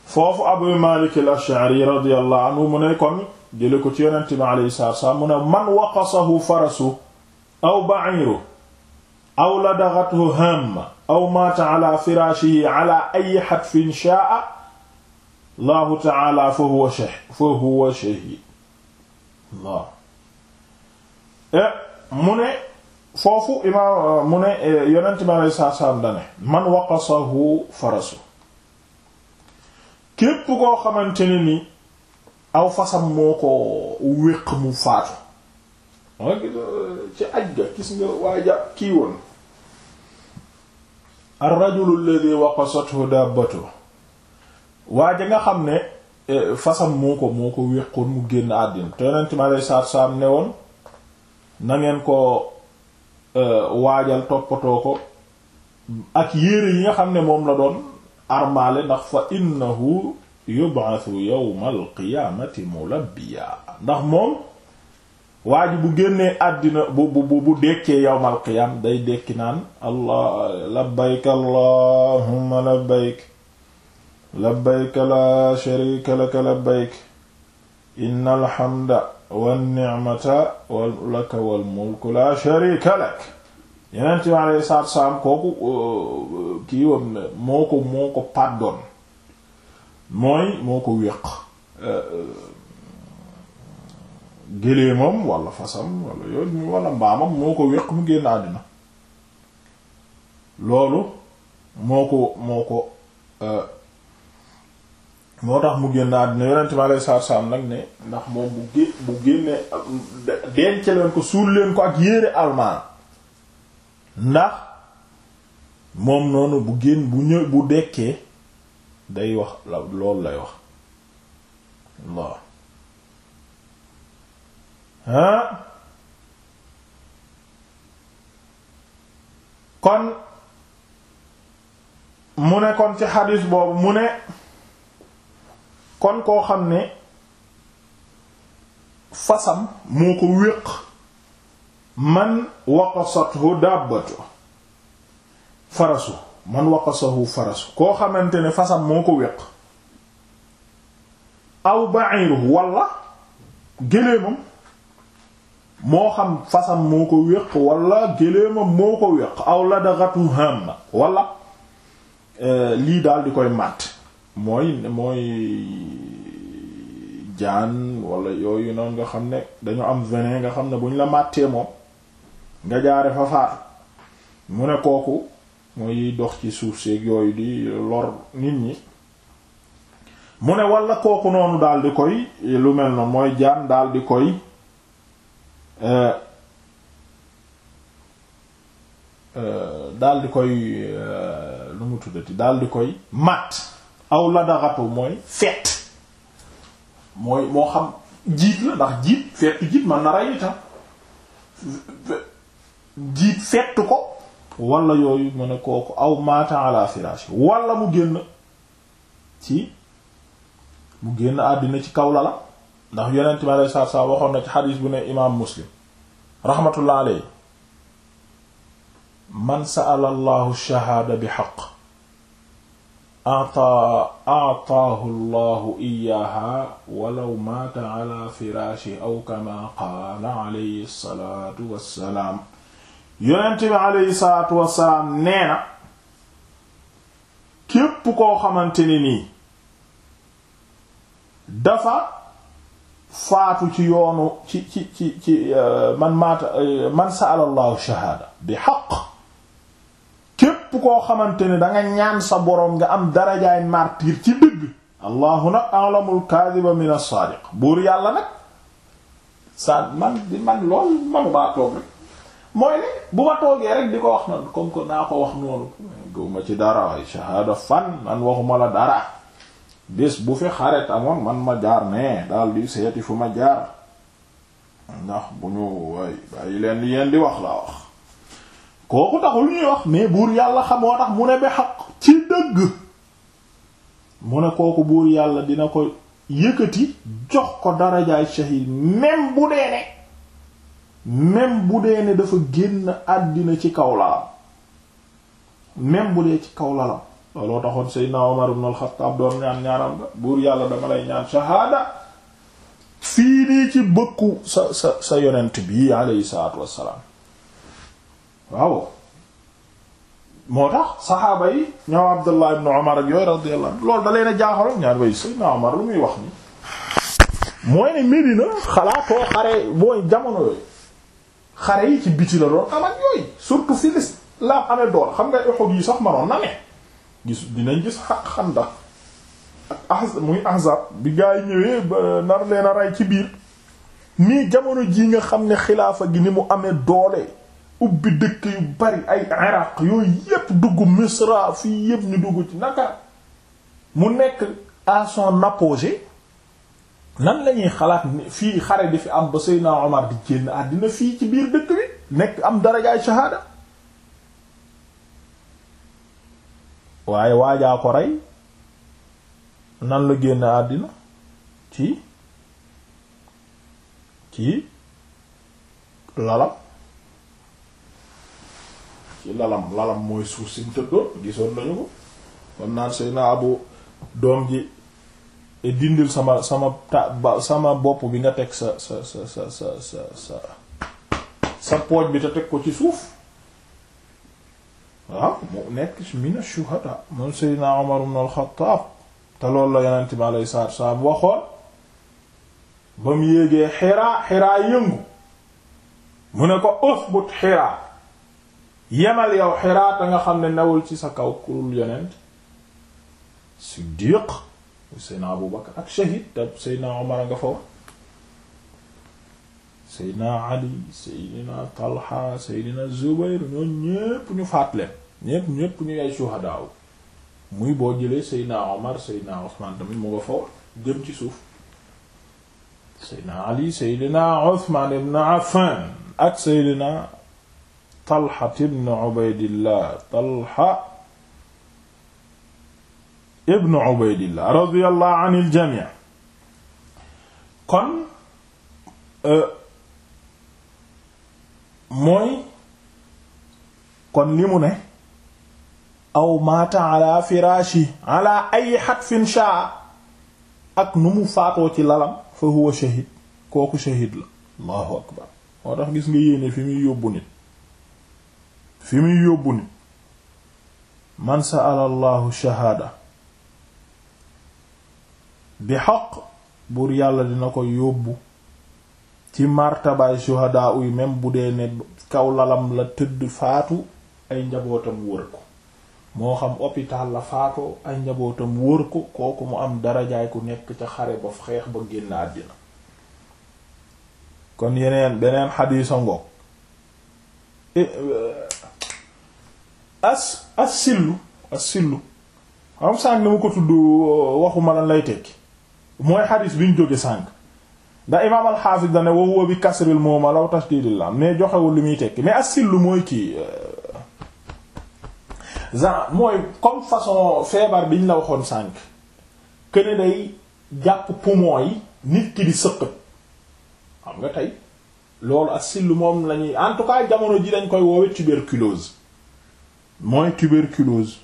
foofu abu Maalik al-Ash'ari radiyallahu anhu mu ne kon jële ko ci yonente bi alayhi salaatu wasalaam mu ne man waqasahu farasu aw ba'iru aw ladagathu hamma aw maata ala firaashihi ala ayi hatfin sha'a Allahu ta'ala fa huwa shahid fa huwa shahid Allah e, mu ne foofu imaam mu ne e, yonent bi alayhi salaatu wasalaam dane man waqasahu farasu képp koo xamante ne ni aw fasam moo ko wéq mu faatu mooy euh, ci aj ga gis nga waaja kii woon ar-rajulu alladhi waqasathu dabbatu waaja nga xam ne euh, fasam moo ko moo ko wéqoon mu génn àddina te yonent mi alayhi salaatu salaam ne woon na ko euh, waajal toppatoo ko ak yére yi nga xam ne moom la doon armaale ndax fa innahu yub'athu yawmal qiyaamati mulabbiya ndax moom waa ji bu génnee àddina bu bu bu dekkee yawmal qiyaam day dekki naan allah labbayk allahumma labbayk labbayk laa sharika laka labbayk innal hamda wan ni'mata laka wal mulku laa sharika lak yeneen ci ma lay saat saam kooku uh, kii wam moo ko moo ko pàddoon mooy moo ko wéq euh, euh, géléemam walla fasam wala yooyu wala mbaamam moo ko wéq mu génn àddina loolu moo ko moo ko euh, moo tax mu génn àddina yonent mi alayhi salaatu salaam nag ne ndax moom bu gé bu génnee denc leen ko suul leen ko ak yére almaan ndax moom noonu bu génn bu ñëw bu dekkee day wax loolu lay wax waaw ah kon mu ne kon ci xadis boobu mu ne kon koo xam ne fasam moo ko wéq man bu dabbatu farasu man waqasahu farasu koo xamante ne fasam moo ko wéq aw ba'iruhu walla géléemam moo xam fasam moo ko wéq walla géléemam moo ko wéq aw ladghatu hamma walla euh, lii daal di koy màtt mooy mooy jaan walla yooyu noonu nga xam ne dañu am venin nga xam ne bu ñu la màttee moom nga jaare fa mu ne kooku mooy dox ci suuf seeg yooyu di lor nit ñi mu ne wala kooku noonu daldi di koy lu mel noonu mooy jaan daal koy daldi di koy euh, euh, euh, mu tuddati daal di koy mat aw la daxatu mooy fet mooy moo xam jiit la ndax jiit fett jiit man na itam jiit fett ko wala yooyu mu ne aw maata ala firaashi wala mu génn ci mu génn àddina ci kaw lala ndax yonent mi alei satu salaam na ci xadiis bu ne muslim rahmatullah aley man sa'ala allahu shahaada bi xaq ataa ataahu ala firaashi aw kama qaala alayhi salaatu wassalaam yonent bi aleyhi salaatu wassalaam nee na képp koo xamante ne nii dafa faatu ci yoonu ci ci ci ci euh, man maata euh, man sa'alallahu shahaada bi xaq képp koo xamante ne danga ñaan sa boroom nga am darajaay martyr ci dëgg allahu nag alamul kaadiba min as-saadiq buur yàlla nag sa man di man lool manu toog rek mooy ne bu ma toogee rek di ko wax noonu comme que naa ko wax noonu gëw ma ci dara waaye shahada fan man waxuma la dara bés bu fi xaret amoon man ma jaar ne daal di seeti fu ma jaar ndax bu ñu waay bàyyi leen li yeen di wax laa wax kooku taxul ñuy wax mais buur yàlla xamoo tax mu ne bi xaq ci dëgg mu ne kooku buur yàlla dina ko yëkkati jox ko darajaay shahid même bu dee même bu dee ne dafa génn àddina ci kaw lalam même bu dee ci kaw lalam looloo taxoon Seydina Omar ibn al-Khattab doon ñaan ñaaram ba buur yàlla dama lay ñaan shahaada fii nii ci bëkku sa sa sa yonent bi alayhi salaatu wassalaam waaw moo tax saxaaba yi ñoo Abdullah ibn Omar ak yooyu radiyallahu anhu da leen a ñaan way Seydina Omar lu muy wax ni mooy ne Medina xalaatoo xare booy jamono yooyu xare yi ci biti la doon am yooyu surtout fi l'islam amee dool xam nga Uhud yi sax manoon na ne gis dinañ gis Xandaq ak ah muy Ahzab bi gaa yi ñëwee ba nar leen rey ci biir nii jamono ji nga xam ne xilaafa gi ni mu amee doole ubbi dëkk yu bari ay Iraq yooyu yépp dugg Misra fii yépp ñu dugg ci naka mu nekk ason son apogée lan lañuy xalaat fii xare di fi am ba Seydina Omar di génn àddina fii ci biir dëkk bi nekk am darajaay shahaada waaye waajaa ko rey nan la génn àddina ci ci lalam ci lalam lalam mooy suuf si mu tëddoon gisoon nañu ko kon naan Seydina Abu doom ji te dindil sama sama ta sama bopp bi nga teg sa sa sa sa sa sa sa pooj bi te teg ko ci suuf waaw mu nekk mina shuhada moom Seydina Umar ibn al te loolu la Yonent bi alayhi salaatu wa waxoon ba mu yéegee Hira Hira yëngu mu ne ko usbut Hira yemal yow Hira te nga xam ne newul ci sa kaw kurul Yonent Siddiq Seydina Abu Bakar ak shahid te Seydina Omar nga fa wax Seydina Ali Seydina Talha Seydina Zubayr ñoo ñépp ñu faat ñépp ñépp ñu ay shuhadaaw muy boo jëlee Seydina Omar Seydina Ousmane tamit mu nga fa wax jëm ci suuf Seydina Ali Seydina Ousmane ibn Affan ak Seydina Talha ibn Ubaydillah Talha ibnu ubaydillah radiyallahu anil jamii kon e, mooy kon li mu ne aw maata ala firaashi ala ay hatfin shaa ak nu mu faatoo ci lalam fa huwa shahid kooku shahid la allahu akbar moo tax gis nga yéene fi muy yóbbu nit fi muy yóbbu nit man sa'ala allahu shahaada bi xaq buur yàlla dina ko yóbbu ci martabaay suhadaa uy même bu dee ne kaw lalam la tëdd faatu ay njabootam wër ko moo xam hôpital la faatoo ay njabootam wër ko kooku mu am darajaay ku nekk ca xare ba xeex ba génn àddina kon yeneen beneen xadiisa ngoog e, e, as as sillu as sillu xam sànq na mu ko tudd waxuma lan lay tekki mooy xadis bi ñu jóge sànq ndax imaam alxaafis dane wa huwa bi kasril mooma law tashdidil lam mais joxewul li muy tekki mais asillu mooy kii genre euh, mooy comme façon feebar bi ñu la waxoon sànq këne day jàpp poumon yi nit ki di sëqat xam nga tey loolu asillu moom lañuy en tout cas jamono ji dañ koy woowe tuberculose mooy tuberculose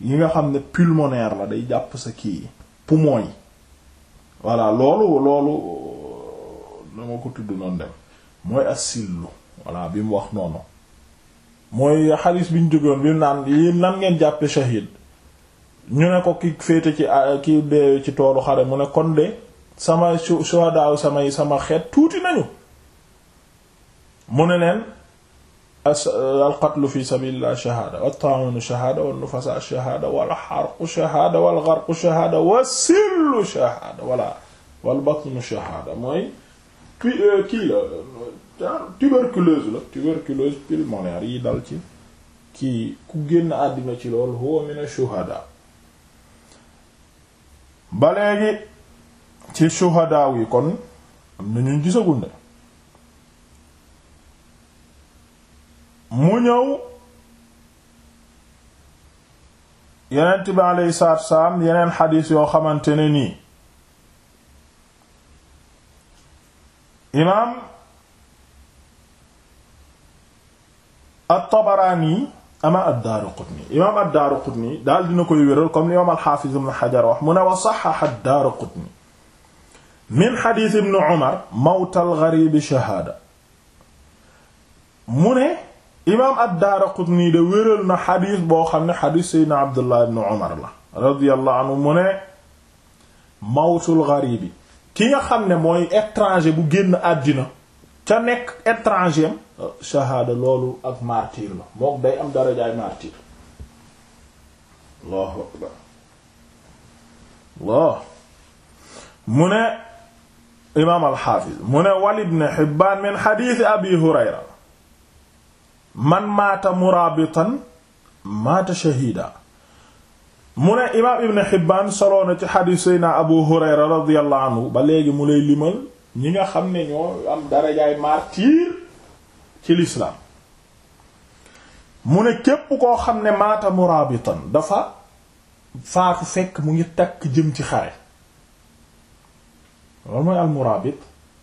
yi nga xam ne pulmonaire la day jàpp sa kii poumon yi voilà loolu loolu dama ko tudd noonu dem mooy asillu voilà bi mu wax noonu mooy xadiis bi ñu jógoon bi mu naan yéen lan ngeen jàppe shahid ñu ne ko ki féete ci ah, ki dee ci toolu xare mu ne kon de sama shuhada samay sama sama xeet tuuti nañu mu ne leen Uh, alqatlu fi sabilillah shahaada wattaawunu shahaada wannufasaa shahaada walxarqu shahaada walgarqu shahaada wasillu shahaada wala walbatnu shahaada mooy uh, kii la tuberculose la tuberculose pulmonaire yi dal ci kii ku génn àddina ci lool huwa mina shuhada ba léegi ci shuhada kon am na ñu gisagul ne mu ñëw yonent bi aleyhi salaatu wasalaam yeneen xadiis yoo xamante ne nii imaam at-Tabaraani ama ad-Daaraqutni imaam ad-Daaraqutni daal dina koy wéral comme li imaam al-Haafiz ibn Hajar wax mu ne wa saxaxa ad-Daaraqutni min xadiis ibn Umar mawt al-gariib shahaada mu ne imaam ad-Daaraqutni de wéral na xadiis boo xam ne xadiis seydna Abdullah ibn Umar la radiyallahu anhu mu ne mawtul garibi ki nga xam ne mooy étranger bu génn àddina ca nekk étranger am shahaada loolu ak martyr la moom day am darajaay martyr Allahu akbar Allah mu ne imaam al-Haafiz mu ne wal ibn Hibbaan min xadiis Abi Hurayra man maata muraabitan maata shahiida mu ne imaam ibn Hibbaan soloo ci xadiis Seydina Abu Hurayra radiyallahu anhu ba léegi mu lay limal ñi nga xam ne ñoo am darajaay martyr ci lislaam mu ne képp koo xam ne maata muraabitan dafa faatu fekk mu ngi takk jëm ci xare loolu mooy al muraabit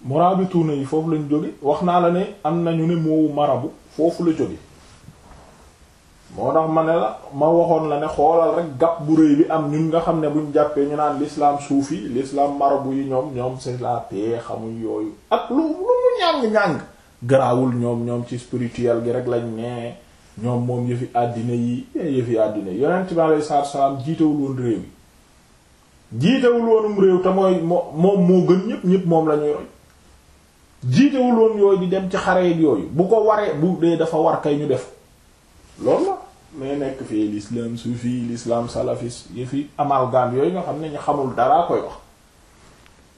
muraabituuna yi foofu lañ jóge wax naa la ne am nañu ne moowu marabu foofu la bi moo tax ma ne la ma waxoon la ne xoolal rek gàpp bu rëy bi am ñun nga xam ne buñ jàppee ñu naan l'islam suufi l'islam marabu yi ñoom ñoom c'est la xamuñ yooyu ak lu lu ñàng-ñàng garaawul ñoom ñoom ci spirituel gi rek lañ ne ñoom moom yëfi àddina yi eh, yëfi àddina yi yonent bi alayhi salaatu salaam jiitewul woon réew yi jiitewul woonum réew te mooy moom moo gën ñépp ñépp moom la ñuy jiitewul woon yooyu di dem ci xare yooyu bu ko waree bu dee dafa war kay ñu def lool la mais nekk fi l'islam soufi lislaam salafis yi fi amalgame yooyu nga xam ne ñu xamul daraa koy wax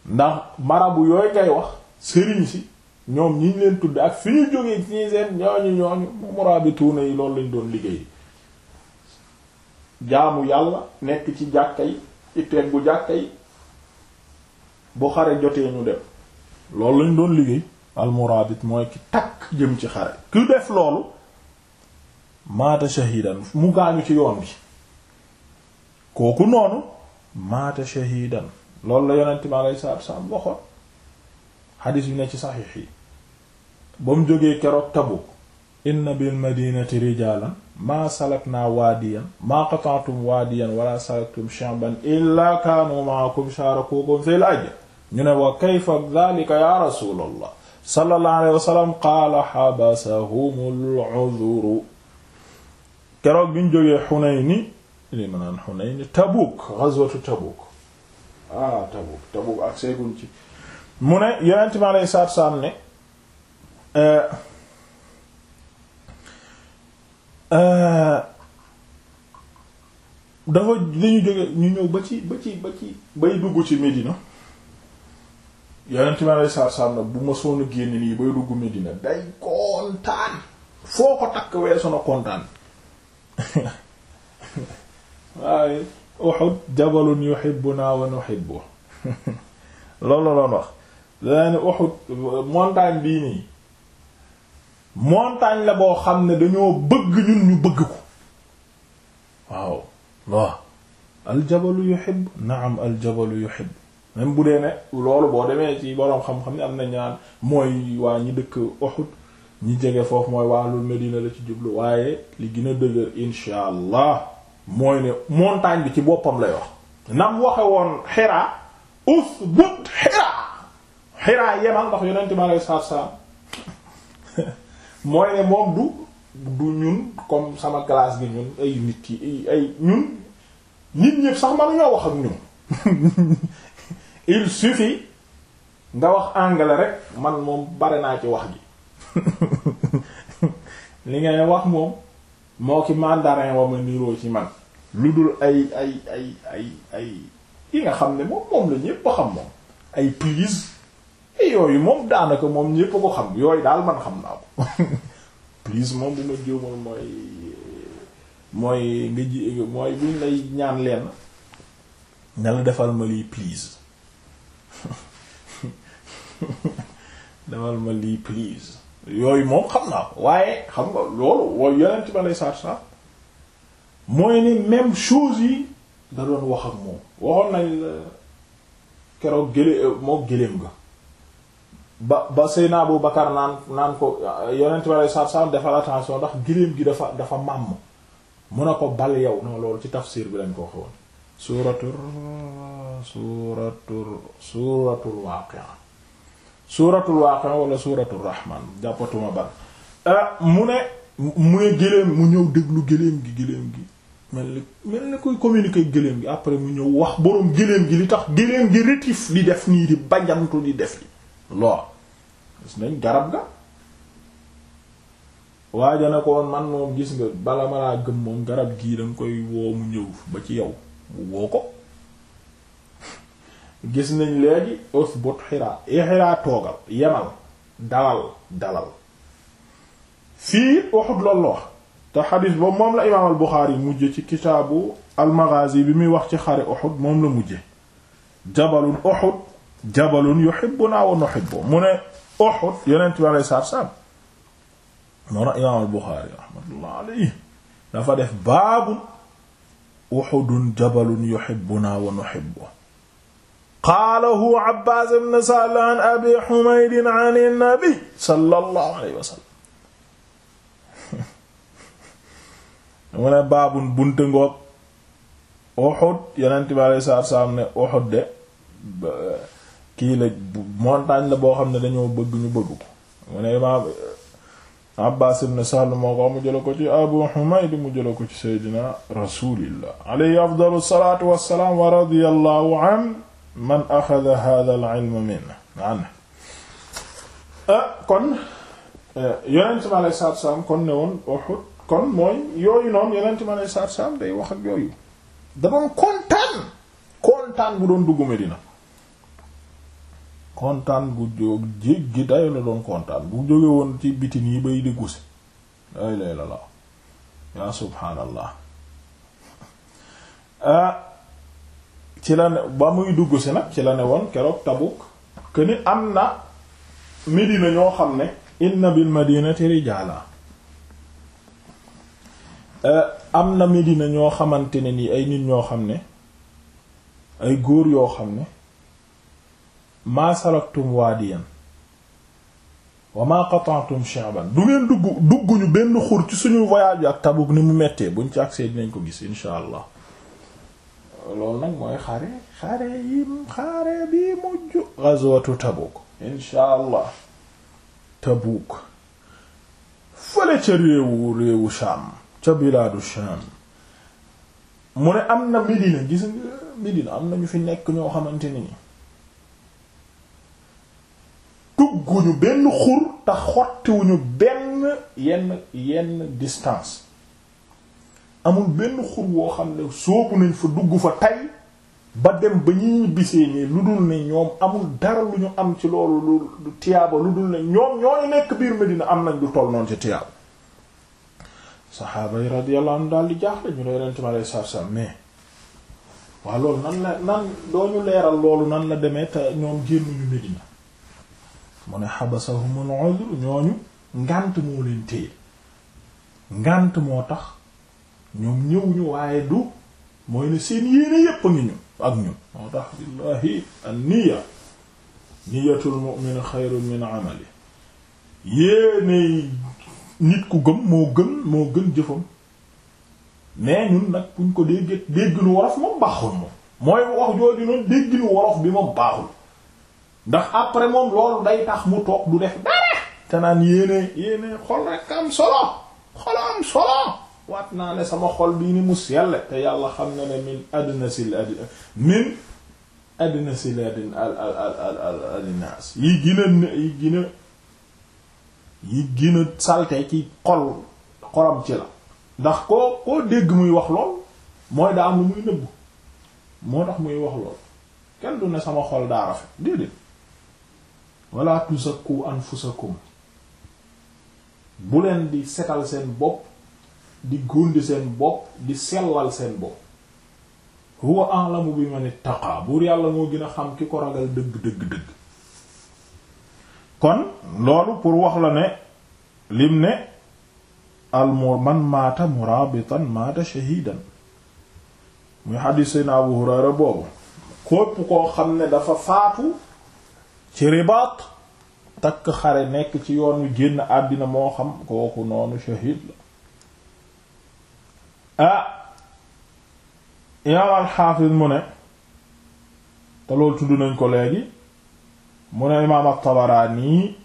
ndax marabu yooyu ngay wax sëriñ si ñoom ñi leen tudd ak fi ñu jógee ci seen ñooñu ñooñu murabituuna yi loolu lañ doon liggéey jaamu yàlla nekk ci jàkka yi ci teggu jàkka yi bu xare jotee ñu dem loolu lañ doon liggéey almuraabit mooy ki takk jëm ci xare ku def loolu maata shahidan mu gaañu ci yoon bi kooku noonu maata shahidan loolu la yonent mi alayhi salaatu salaam waxoon xadiis bi ne ci saxiix yi ba mu jógee keroog Tabuk inna bil madinati rijaalan maa salaknaa waadiyan maa qata'tum waadiyan wala salaktum sha'ban illaa kaanu ma'akum shaarakuukum fil ajr ñu ne wa kayfa dhalika ya rasulallah sallallahu alayhi wa sallam qaala xabasahumul udhuru keroog bi ñu jógee Xunayni li ma naan Xunayni Tabuk ghazwatu Tabuk ah Tabuk Tabuk ak seeguñ ci mu ne yonent mi alayhi salaatu salaam ne eh, eh, dafa dañu jóge ñu ñëw ba ci ba ci ba ci bay dugg ci Medina yonent mi alei saatu salaam nag bu ma soon a génn nii bay dugg Medina day kontaan foo ko takk weesu na kontaan waaye Uhud jabalun yuhibbuna wa nuhibbu loolu la doon wax danañ Uhud bii nii montagne la boo xam ne dañoo bëgg ñun ñu bëgg ko waaw waaw aljabalu yuhibbu naam aljabalu yuhibbu même bu dee ne loolu boo demee ci boroom xam-xam ne am na ñaan mooy waa ñi dëkk Uhud ñi jege foofu mooy waalul Medina la ci jublu waaye li gën a dëgër insha allah mooy ne montagne bi ci boppam lay wax nam waxe woon Hira usbut Hira Hira yemal ndax yonent bi alei saatu salaam mooy ne moom du du ñun comme sama classe gi ñun ay nit yi ay ñun nit ñëpp sax mënuñoo wax ak ñun il suffit nga wax anglais rek man moom bare naa ci wax ji li ngay wax moom moo ki mandarin wa ma niroo ci man lu dul ay ay ay ay ay yi nga xam ne moom moom la ñépp a xam moom ay please yooyu moom daanaka moom ñépp a ko xam yooyu daal man xam naa ko please moom bu ma jéemoon mooy mooy nga ji mooy buñ lay ñaan leen na la defal ma lii please demal ma lii please yooyu moom xam naa waaye xam nga loolu wooy yonent bi alei satu salaam mooy ni même chose yi doon wax ak moom waxoon nañ la keroog gélé moo géléem ga ba ba Seyna bu Bakar naan naan ko yonent bi alei satu salaam defal attention ndax géléem gi dafa dafa màmm mun a ko bal yow non loolu ci tafsir bi lañ ko waxoon suratur suratur suratul waaqi'a suuratul waaqia wala suuratul rahmaan jàppatuma ban ah, mu ne mu ne gëléem mu ñëw déglu gëléem gi gëléem gi mel ni mel ni koy communiquer gëléem gi après mu ñëw wax boroom gëléem gi li tax gëléem gi rétif di def nii di bajantu di def li loo gis nañ garab ga waaja na ko man moom gis nga bala ma laa gëm moom garab gii danga koy woo mu ñëw ba ci yow mu woo ko gis nañ léegi usbut xiraa xiraa toogal yemal dalal dalal fii Uhud loolu la wax te xadiis boobu moom la imaam al Buxaari mujje ci kitaabu al Magaazi bi muy wax ci xare Uhud moom la mujje jabalun Uhud jabalun yuhibbunaa wa nuhibbu mu ne Uhud yonent bi alayhi salaatu salaam moo na imaam al Buxaari rahmatullah alayhi dafa def baabu Uhudun jabalun yuhibbunaa wa nuhibbu qaala huwa Abbaas ibn Sahl an Abi Humayd an an-Nabi sallallahu alayhi wa sallam mu ne de kii la montagne la boo xam ne dañoo bëgg ñu bëgg ko mu ne imaam Abbaas mu jëla ko ci Abu ko ci Seydina Rasuulillah alayhi afdalu salaatu wassalaam wa radiyallahu anhu man axada hada al ilma min an ah, kon eh, yonent bi alayhi salaatu salaam kon ne woon Uhud kon mooy yooyu noonu yonent bi alayhi salaatu salaam day wax ak yooyu da doon kontaan kontaan bu doon dugg Medina kontaan bu jóg jéggi dayo la doon kontaan bu jóge ci bitin yi bay déggu si day lay la yaa subhaanallah ah, ci la ne ba muy dugg si nag ci la ne woon keroog Tabuk que ni am na Medina ñoo xam ne inna bil madinati rijaala eh, am na Medina ñoo xamante ne nii ay nit ñoo xam ne ay góor yoo xam ne maa salaktum waadiyan wa maa qata'tum sha'ban du ngeen dugg dugguñu benn xur ci suñu voyage ak Tabuk ni mu mettee buñ ci agsee dinañ ko gis insha allah lool nag mooy xare xare yim xare bi mujj gazwatu Tabuk insha allah Tabuk fële ca réewu réewu Sham ca bilaadu Sham mu ne am na Medina gis nga Medina am na ñu fi nekk ñoo xamante ni nii tugguñu benn xur te xottiwuñu benn yenn yenn distance amul benn xur woo xam ne soobu nañ fa dugg fa tay ba dem ba ñuy bisee nii lu dul ne ñoom amul dara lu ñu am ci loolu lu tiyaaba lu dul ne ñoom ñoo nekk biir Medina am nañ du toll noonu ci tiyaaba saxaaba yi radiyallahu anhu daal di jaaxle ñu ne yonent mi alayhi salaatu salaam mais waaw loolu nan la nan doo ñu leeral loolu nan la demee te ñoom génnuñu Medina mu ne xabasahumul udhr ñooñu ngànt moo leen téye ngànt moo tax ñoom ñëwuñu waaye du mooy ne seen yéene yépp a ngi ñun ak ñun moo tax billahi an niya niyatul mu'min xayrun min amali yéene nit ku gëm moo gën moo gën jëfam mais ñun nag buñ ko déggee dégginu wolof moom baaxul moom mooy wax jooju noonu dégginu wolof bi moom baaxul ndax après moom loolu day tax mu toog du def dara te naan yéene yéene xol rekk am solo xol am solo waat naa ne sama xol bii ni mu selle te yàlla xam na ne min adna sil ad min adna sil adin al al al al alinaas yi gën a yi gina a yi gën salte ci xol xolam ci la ndax koo koo dégg muy wax lool mooy daa am lu muy nëbb moo tax muy wax lool kenn du ne sama xol daa rafet déedéet ku tusakku anfusakum bu leen di setal seen bopp di di seen bopp di sellal seen bopp huwa a'lamu bi man ittaqa buur yàlla moo gën a xam ki ko ragal dëgg dëgg dëgg kon loolu pour wax la ne lim ne al man maata murabitan maata shahidan muy xadiis sayna Abu Hurayra boobu képp koo xam ne dafa faatu ci ribaat takk xare nekk ci yoon wi génn àddina moo xam kooku noonu shahid la ah imaam alxaafis mu ne te loolu tudd nañ ko léegi mu ne imaam altabaraani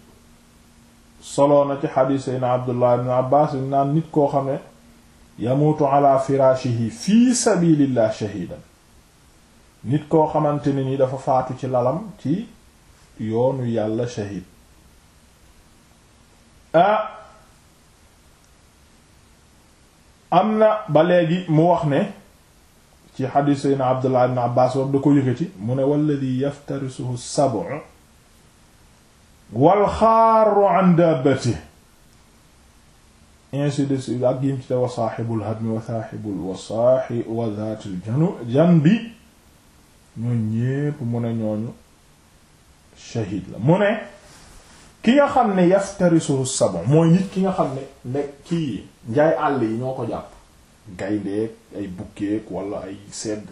soloo na ci xadiis sayna abdullah ibn abbas bi naan nit koo xam ne yamuutu ala firaashihi fi sabilillah nit koo xamante ne ni dafa faatu ci lalam ci yoonu yàlla shahiid ah am na ba léegi mu wax ne ci xadiis sayna Abdullah ibn Abbaas wax da ko yëkkati mu ne walladi yaftarisuhu sab'u wal xaaru an dabbati ainsi de suite ak yim ci te wa saaxibul hadmi wa saaxibul wasaaxi wa dhaatil janbi ñooñ ñépp mu ne ñooñu shahid la mu ne ki nga xam ne yaftarisu sabon mooy nit ki nga xam ne nekk kii njaay àll yi ñoo ko jàpp gayndeek ay bukkeek walla ay sedd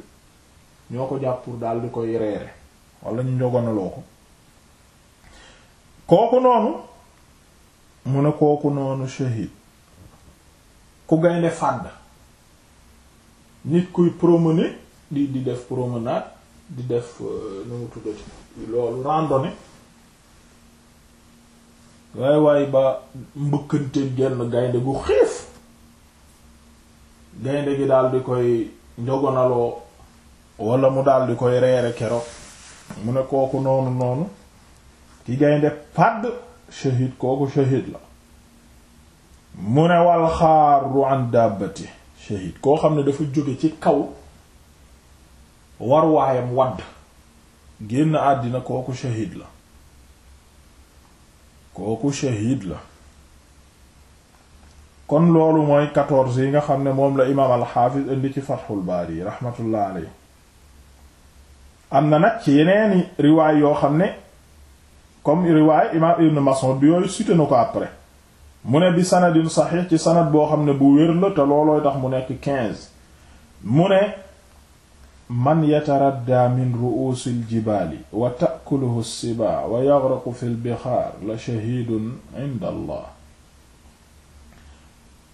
ñoo ko jàpp pour daal di koy reere walla ñu njogonaloo ko kooku noonu mu ne kooku noonu shahid ku gaynde fàdd nit kuy promener di di def promenade di def euh, nu mu tuddati loolu randonnée waay waay ba mbëkkante genn gaynde gu xiif gaynde gi daal di koy njogonaloo walla mu daal di koy reere keroog mu ne kooku noonu noonu ki gaynde padd shahid kooku shahid la mu ne wal xaaru an dàbbati shahid koo xam ne dafa jóge ci kaw war waayam wadd génn àddina kooku shahid la kooku shahid la kon loolu mooy quatorze yi nga xam ne moom la imaam alxaafis indi ci fatxul baari raxmatullah aley am na nag ci yeneeni riwaay yoo xam ne comme riwaay imaam ibn Mas'ud bi yooyu cité na ko après mu ne bi sanadin saxiix ci sanad boo xam ne bu wér la te loolooy tax mu nekk quinze mu ne man yataraddaa min ru'uusil jibaali wa ta'kuluhu as-sibaa wa yaghraqu fil bixaar la shahiidun inda allah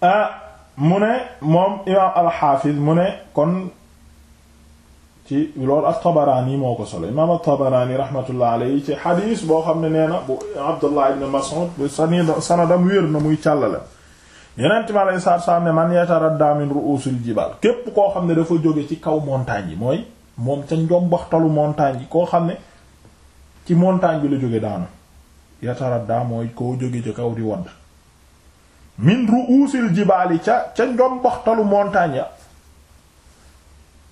a mu ne moom imaam alxaafiz mu ne kon ci loolu at-Tabaraani moo ko solo imaam at-Tabaraani rahmatullah alayhi ci xadiis boo xam ne nee na bu Abdullah ibn Mas'ud bu sanadam wér na muy càllale yonent bi alayhi salaatu salaam ne man yataradda min ru'usil jibaal képp koo xam ne dafa jóge ci kaw montagne yi mooy moom ca njombaxtalu montagne yi koo xam ne ci montagne bi la jóge daanu yataradda mooy koo ci kaw di wadd min ca ca njombaxtalu montagne ya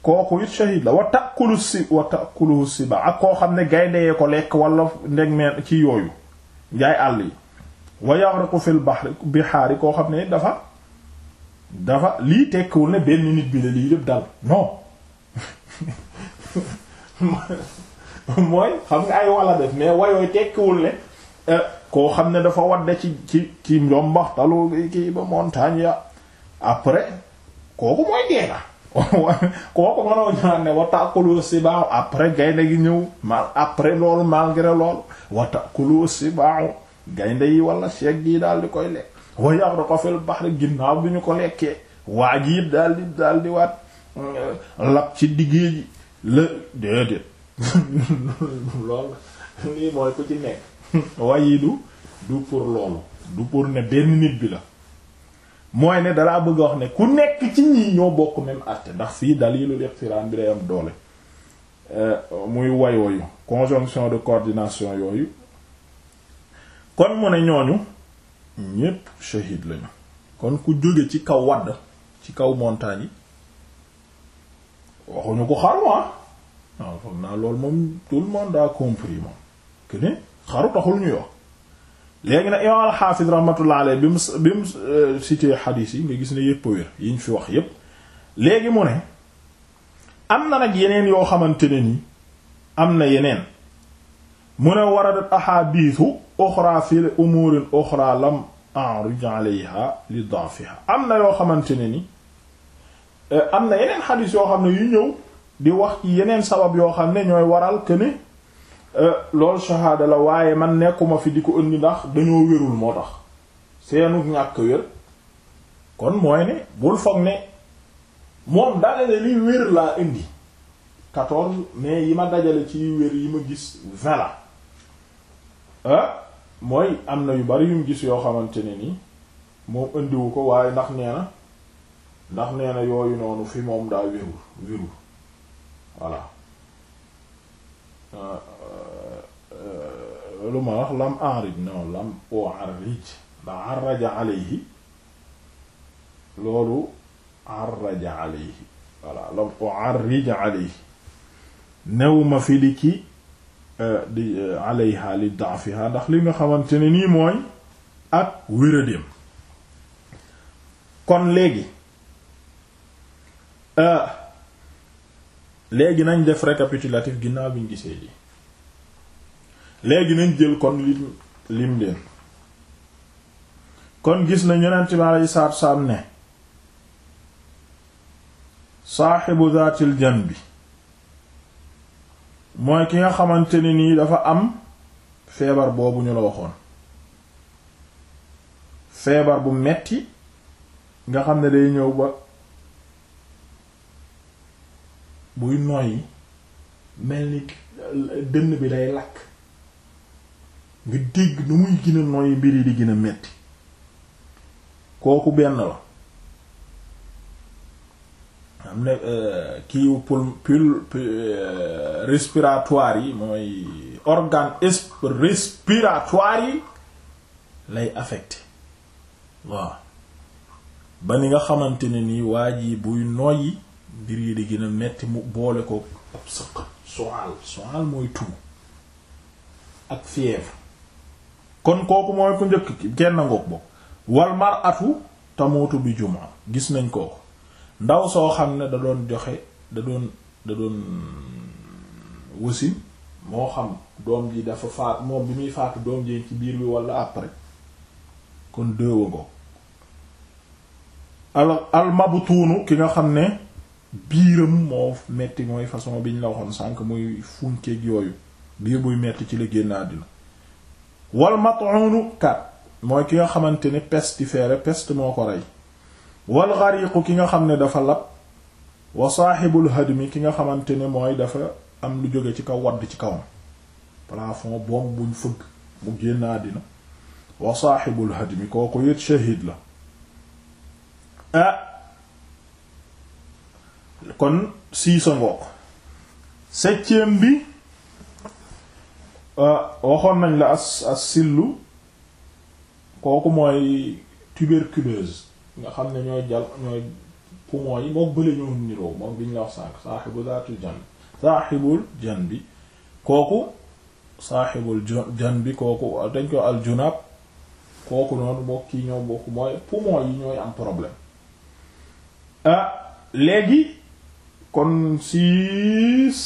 kooku it shahid la wa si wa ta'kuluhu ak koo xam ne gaynde yee ko lekk walla ndeg meen ci yooyu njaay àll yi wa yaghriqu fil bahri bihaari koo xam ne dafa dafa lii tekkiwul ne benn nit bi la lii yëpp dal non mooy xam nga ay wala def mais wayooy tekkiwul ne euh, koo xam ne dafa wadde ci ci ci njombaxtalu kii ba montagne ya après kooku mooy dee na kooku mënoo ñaan ne wa ta'kulu sibaaw après gaynde gi ñëw mal après loolu malgré loolu wa ta'kulu sibaaw gaynde yi wala segg yi daal di koy lekk wa yaghraqu fil bahri ginnaaw bi ñu ko lekkee waa ji it daal di daal di waat euh, lap ci diggee ji la déedéet loolu lii mooy ku ci nekk wayi du pour loolu du pour ne benn nit bi la mooy ne dalaa bëgg a wax ne ku nekk ci ñii ñoo bokk même àtte ndax fii def iqtiraan bi day am doole euh, muy wayooyu conjonction de coordination yooyu kon mu ne ñooñu ñépp shahid lañu kon ku jóge ci kaw wadd ci kaw montagne yi waxuñu ko xaru ah waaw foog naa loolu moom tout le monde a ni xaru taxul ñuy wax léegi nag imam alxaafis rahmatullah alayhi bi mu bi mu euh, cité xadiis yi nga gis ne yépp a wér yi ñu fi wax yépp léegi mu ne am na nag yeneen yoo xamante ne ni am na yeneen mu ne waradat ahadiisu uxra fi umurin uxra lam a'ruj alayha li da'fiha am na yoo xamante ne ni eh, am na yeneen xadiis yoo xam ne yu ñëw di wax ci yeneen sabab yoo xam ne ñooy waral que ne eh, loolu la waaye man nekkuma fi di ko indi ndax dañoo wérul moo tax seenu ñàkk wér kon mooy ne bul foog ne moom daale liy wér laa indi quatorze mais yi ma dajale ci wér yi ma gis vingt mooy am na yu bari yum gis yoo xamante ne ni moom indiwu ko waaye ndax nee na ndax nee na yooyu noonu fi moom daal wérul wérul voilà euh, euh, lu ma wax lam enrij non lam o enrij da arraja alayhi loolu arraja alayhi voilà lam o enrij alayhi newuma fi li di eh, alayha li daafiha ndax li nga xamante ne nii mooy ak wéradéem kon léegi eh, léegi nañ def récapitulatif ginnaaw bi ñu gisee ji léegi nañ jël kon lim lim leen kon gis na yonent bi alayhi salaatu salaam ne saaxibu zaatil bi mooy ki nga xamante ne nii dafa am feebar boobu ñu la waxoon feebar bu metti nga xam ne day ñëw ba buy noyyi mel ni dënn bi day lakk nga dégg nu muy gën a noyyi mbir yi di gën a metti kooku benn la ne euh, kiiw pul pul euh, respiratoire yi mooy organe respiratoire yi lay affecté waaw ba ni nga xamante ne nii waa yi buy noyyi mbir yi di gën a metti mu boole ko ab sëq soal soal mooy tuu ak fièvre kon kooku mooy ko njëkk kenn ngoog bokk wal mar'atu tamutu bi jumaa gis nañ kooku ndaw soo xam ne da doon joxe da doon da doon wasin moo xam doom ji dafa faat moom bi muy faatu doom ji ci biir bi wala après kon déewa ngo al al mabtuunu ki nga xam ne biiram moo metti mooy façon bi ñu la waxoon sànq muy funkeeg yooyu biir buy metti ci la génn àddina wal mat'unu kat mooy ki nga xamante ne pestiféré peste moo ko rey wal xariqu ki nga xam ne dafa lab wa saaxibul hadmi ki nga xamante ne mooy dafa am lu jóge ci kaw wadd ci kawam plafond bomb buñ fëgg mu génn àddina wa saaxibul hadmi kooku it shahid la ah, kon sii sa ngook septième bi ah, waxoon nañ la as as sillu kooku mooy tuberculose nga xam ne ñooy jal ñooy poumon yi moom bële ñoo niroo moom bi ñu la wax sànq saaxibu zaatul jan saaxibul jan bi kooku saaxibul jan bi kooku dañ ko al junab kooku noonu bokk kii ñoo bokk mooy poumon yi ñooy am problème ah, léegi kon six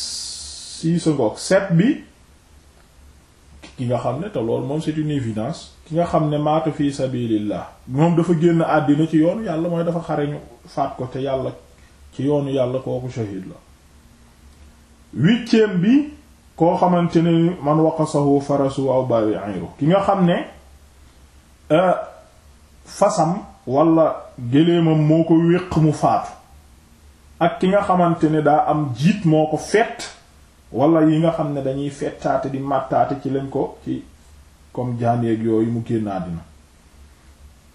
six ngoog sept bi ki nga xam ne te loolu moom c'est une ki nga xam ne maatu fi sabilillah moom dafa génn àddina ci yoonu yàlla mooy dafa xare ñu faat ko te yàlla ci yoonu yàlla kooku shahid la huitième bi koo xamante ne man waqasahu farasu aw ba'iru ki nga xam ne euh, fasam wala géléemam moo ko wéq mu faatu ak ki nga xamante ne daa am jiit moo ko fett wala yi nga xam ne dañuy fetaate di màttaate ci lañ ko ci comme jaan yeeg yooyu mu génn àddina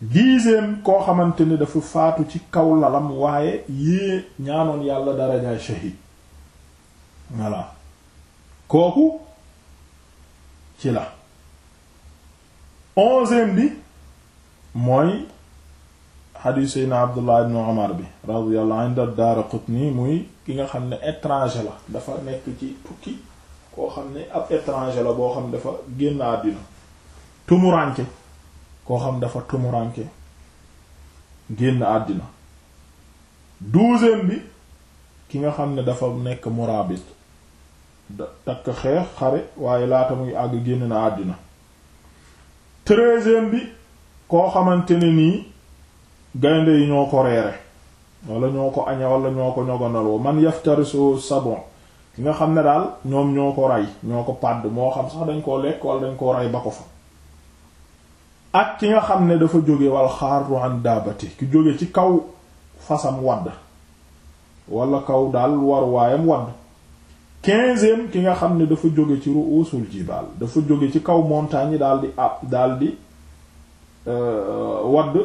dixième koo xamante ne dafa faatu ci kaw lalam waaye yée ñaanoon yàlla darajaay shahid voilà kooku ci la onzième bi mooy xadiis seydna abdullah ibn omar bi radiyallahu anhu da Daaraqutni muy ki nga xam ne étranger la dafa nekk ci tukki koo xam ne ab étranger la boo xam dafa génn àddina tumuranke koo xam dafa tumuranke génn àddina douzième bi ki nga xam ne dafa nekk muraabit takk xeex xare waaye laata muy àgg génn na àddina treizième bi koo xamante ne nii gaynde yi ñoo ko reere wala ñoo ko añe wala ñoo ko ñogonaloo man yaftarisu sabon ki nga xam ne daal ñoom ñoo ko rey ñoo ko pàdd moo xam sax dañ koo lekk wala dañ koo rey ba ko fa ak ki nga xam ne dafa jóge wal xaaru an daabati ki jóge ci kaw fasam wadd wala kaw daal war waayam wadd quinzième ki nga xam ne dafa jóge ci ruusul jibaal dafa jóge ci kaw montagne yi daal di ab daal di euh, wadd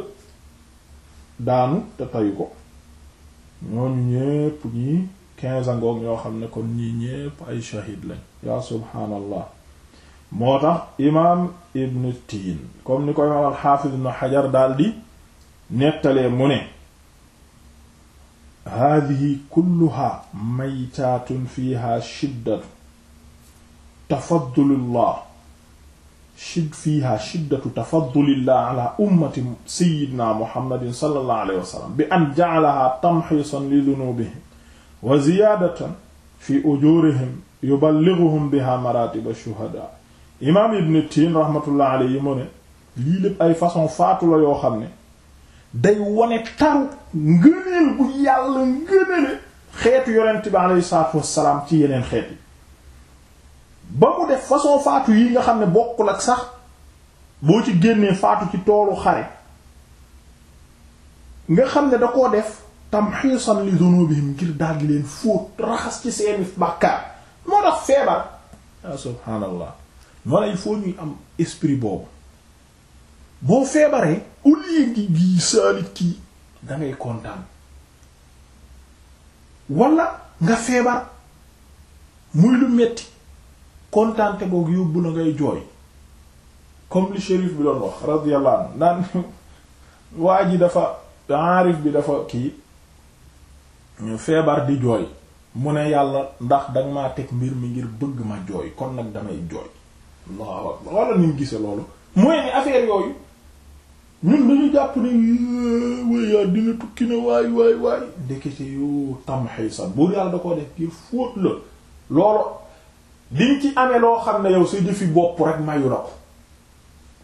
daanu te tayu ko ñooñu ñépp ñii quinze angoog ñoo xam ne ko ñii ñépp ay shahid lañ yaa subhaanallah moo tax imaam ibn tiin comme ni ko imaam alxaafiz ibn xajar daldi nettalee mu ne haadihi kulluha maytaatun fiiha shiddatu tafaddulullah shidd fiiha shiddatu tafaddulillah ala ummati sayyidina muhammadin sallallahu alayhi wa sallam bi an ja'alaha tamxiisan li dunubihim wa ziyaadatan fi ujurihim yuballighuhum biha maratiba shuhada imaam ibn tiin rahmatullah alayhi mu ne lii lépp ay façon faatu la yoo xam ne day wone taru ngëneel bu yàlla ngënele xeetu yonent bi alayhi salaatu wassalaam ci yeneen xeet yi ba mu def façon faatu yi nga xam ne bokkul ak sax boo ci génnee faatu ci toolu xare nga xam ne da koo def tamxiisan li dunubihim ngir daldi leen fóot raxas ci seeni bàkkaar moo tax feebar ah subhaanallah moo lay foo ñuy am esprit boobu boo feebaree au lieu ngi gi saalit kii dangay kontaan wala nga feebar muy lu metti kontaante googu yóbbu la ngay jooy comme li shérif bi doon wax radiyallahu anhu waa ji dafa aarif bi dafa kii feebar di jooy mu ne yàlla ndax danga ma teg mbir mi ngir bëgg ma jooy kon nag damay jooy allahu akbar walla ni mu gise loolu affaire yooyu ñun jàpp ne waya dina tukki ne waay waay waay ndekete yoo tam xii sax buur yàlla da ko def ngir fóot la loolu liñ ci amee loo xam ne yow sa jëfi bopp rek mayu la ko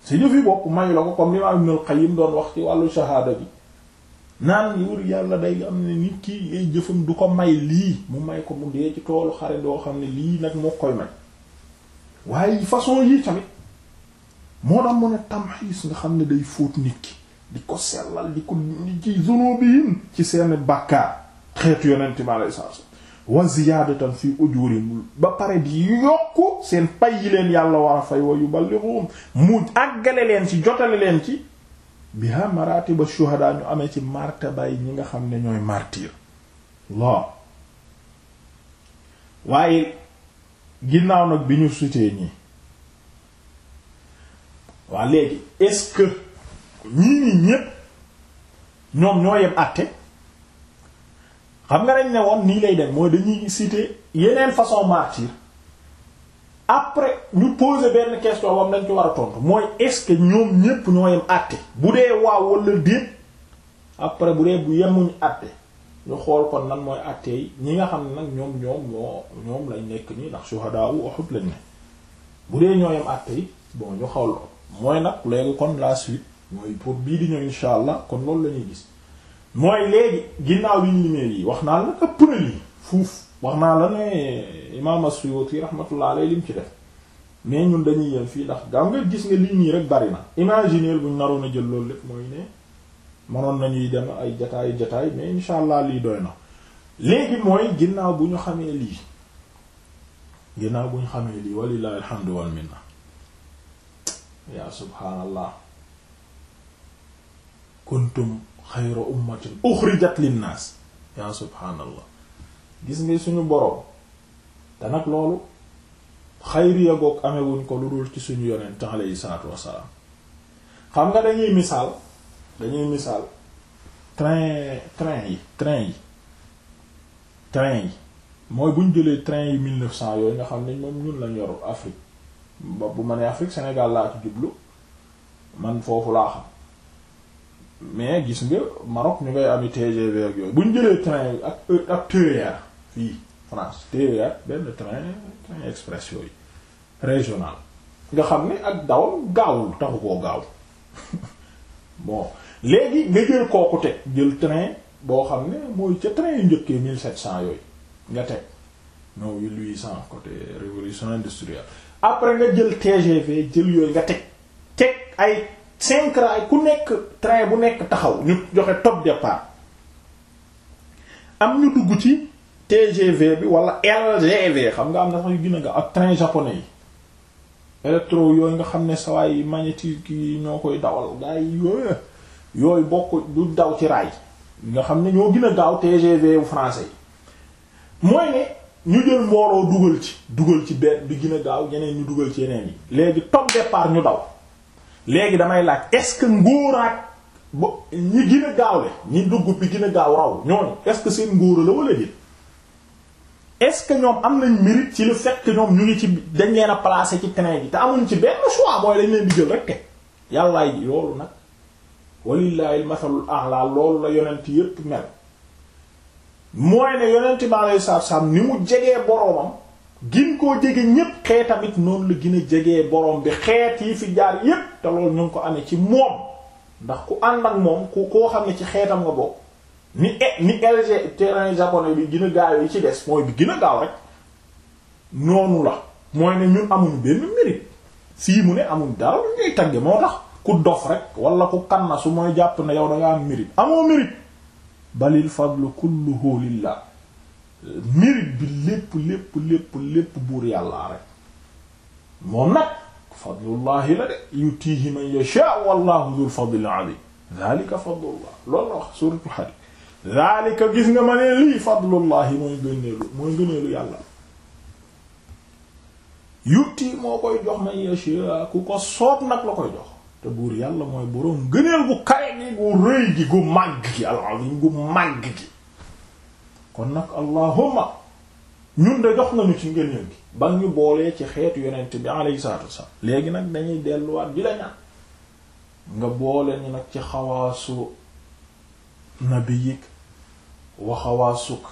sa jëfi bopp mayu la ko comme l'imam Ibn al-Qayyim doon wax ci wàllu shahaada bi naan yuur yàlla day am ne nit ki ngay jëfam du ko may lii mu may ko mu dee ci toolu xare doo xam ne lii nag moo koy may waaye façon yii tamit moo tax mu ne tamxiis nga xam ne day fóot nit ki di ko sellal di ko ci zunubihim ci seen bàkkaar xeetu yonente mi alayhi salaatu wa ziyaadatan fi ujurim ba pare di yokku seen pay yi leen yàlla war a fay wa yuballighuhum mu àggale leen ci jotale leen ci biha maratiba shuhada ñu amee ci martabaay ñi nga xam ne ñooy martir la waaye ginnaaw nag bi ñu sutee ñii waa léegi est ñii ñi ñépp ñoom ñoo yem àtte xam nga dañ ne woon nii lay dem mooy dañuy citer yeneen façon martyr après ñu poser benn question wam dañ ci war a tontu mooy est-ce que ñoom ñépp ñoo yem àtte bu dee waaw wala déet après bu dee bu yemuñ àtte ñu xool kon nan mooy àtte yi ñi nga xam ne nag ñoom ñoom ñoo ñoom lañ nekk nii ndax shuhadaa u Uhud lañ ne bu dee ñoo yem àtte yi bon ñu xawloo mooy nag léegi kon la suite mooy pour bii di ñëw insha allah kon loolu la ñuy gis mooy léegi ginnaaw liñ limee yi wax naa la ëpp na lii fuuf wax naa la ne imaam as-Suyuti rahmatullah alayhi lim ci def mais ñun dañuy yem fii ndax gaaw nga gis nga lii nii rek bari na bu buñ naroon a jël loolu lépp mooy ne mënoon nañuy dem ay jataay jataay mais allah lii doy na léegi mooy ginnaaw bu ñu xamee lii ginnaaw bu ñu xamee lii walillahi alhamdu wal minna yaa subhaanallah kuntum xayra ummatin uxrijat linnaas yaa subhaanallah gis nga suñu boroom te nag loolu book goog amewuñ ko lu dul ci suñu te alayhi salaatu wassalaam xam nga dañuy misaal dañuy misaal train train yi train yi train yi mooy bu jëlee train yi mille neuf cent yooyu nga xam ne moom ñun lañ yor Afrique ba bu ma nee Afrique Sénégal laa ci jublu man foofu laa xam mais gis nga Maroc ñu ngay ami TGV ak yooyu bu ñu jëlee train ak euh, ak TER fii France TER benn train train express yooyu régional nga xam ne ak daw gaaw taxu koo gaaw bon léegi nga jël kooku teg jël train boo xam ne mooy ca train yu njëkkee mille sept cent yooyu nga teg non mille huit cent côté révolution industrielle après nga jël TGV jël yooyu nga teg teg ay cinq raay ku nekk train bu nekk taxaw ñu joxe top départ am ñu dugg ci TGV bi wala LGV xam nga am na sax yu gën a nga ak train japonais yi électro yooyu nga xam ne sawaay magnétique yi ñoo koy dawal gaa yi yooyu yooyu bokk du daw ci raay nga xam ne ñoo gën a gaaw TGV bu français yi mooy ne ñu jël mbooloo dugal ci dugal ci benn bi gën a gaaw yeneen ñu dugal ci yeneen yi léegi top départ ñu daw léegi damay laaj est-ce que ngóoraat ba ñi gën a gaawle ñi dugg bi gën a gaaw raw ñooñu est-ce que seen ngóora la wala déet ce que ñoom am nañ mérite ci le fait que ñoom ñu ngi ci dañ leen a placer ci train bi te amuñ ci benn choix mooy dañ leen di jël rek te yàllaay ji loolu nag walillahi almathalul a'la loolu la yonent yépp mel mooy ne yonent bi alayhi salaam ni mu jegee boroomam gin koo jege ñépp xee tamit noonu la gën a jegee borom bi xeet yi fi jaar yépp te loolu ñu ko amee ci moom ndax ku ànd ak moom koo xam ne ci xeetam nga bokk ni e ni LG terrain japonais bi gën a ci des mooy bi gën a gaaw rek la mooy ne ñun amuñu benn mu ne amuñ dara lu ñuy tagge moo tax ku dof rek wala ku kanna su mooy jàpp na yow da nga am mérite amoo mérite balil fadlu kulluhu lillah mérite bi lépp lépp lépp lépp buur yàllaa rek moom nag fadlullahi la de yutihi man yasha wallahu dhul fadli alim dhalika fadlullah loolu la wax suratul hadid dhalika gis nga ma nee lii fadlullahi mooy gëneelu mooy gëneelu yàlla yutti moo koy jox man yasha ku ko soob nag la koy jox te buur yàlla mooy boroom gëneel gu kare gi gu rëy gi gu màgg gi al gu màgg gi kon nag allahumma ñun de jox nañu ci ngëneel gi ba ñu boolee ci xeet yonent bi alayhi saatu wasalaam léegi nag dañuy delluwaat di la nga boole ñu nag ci xawaasu nabiyik wa xawaasuk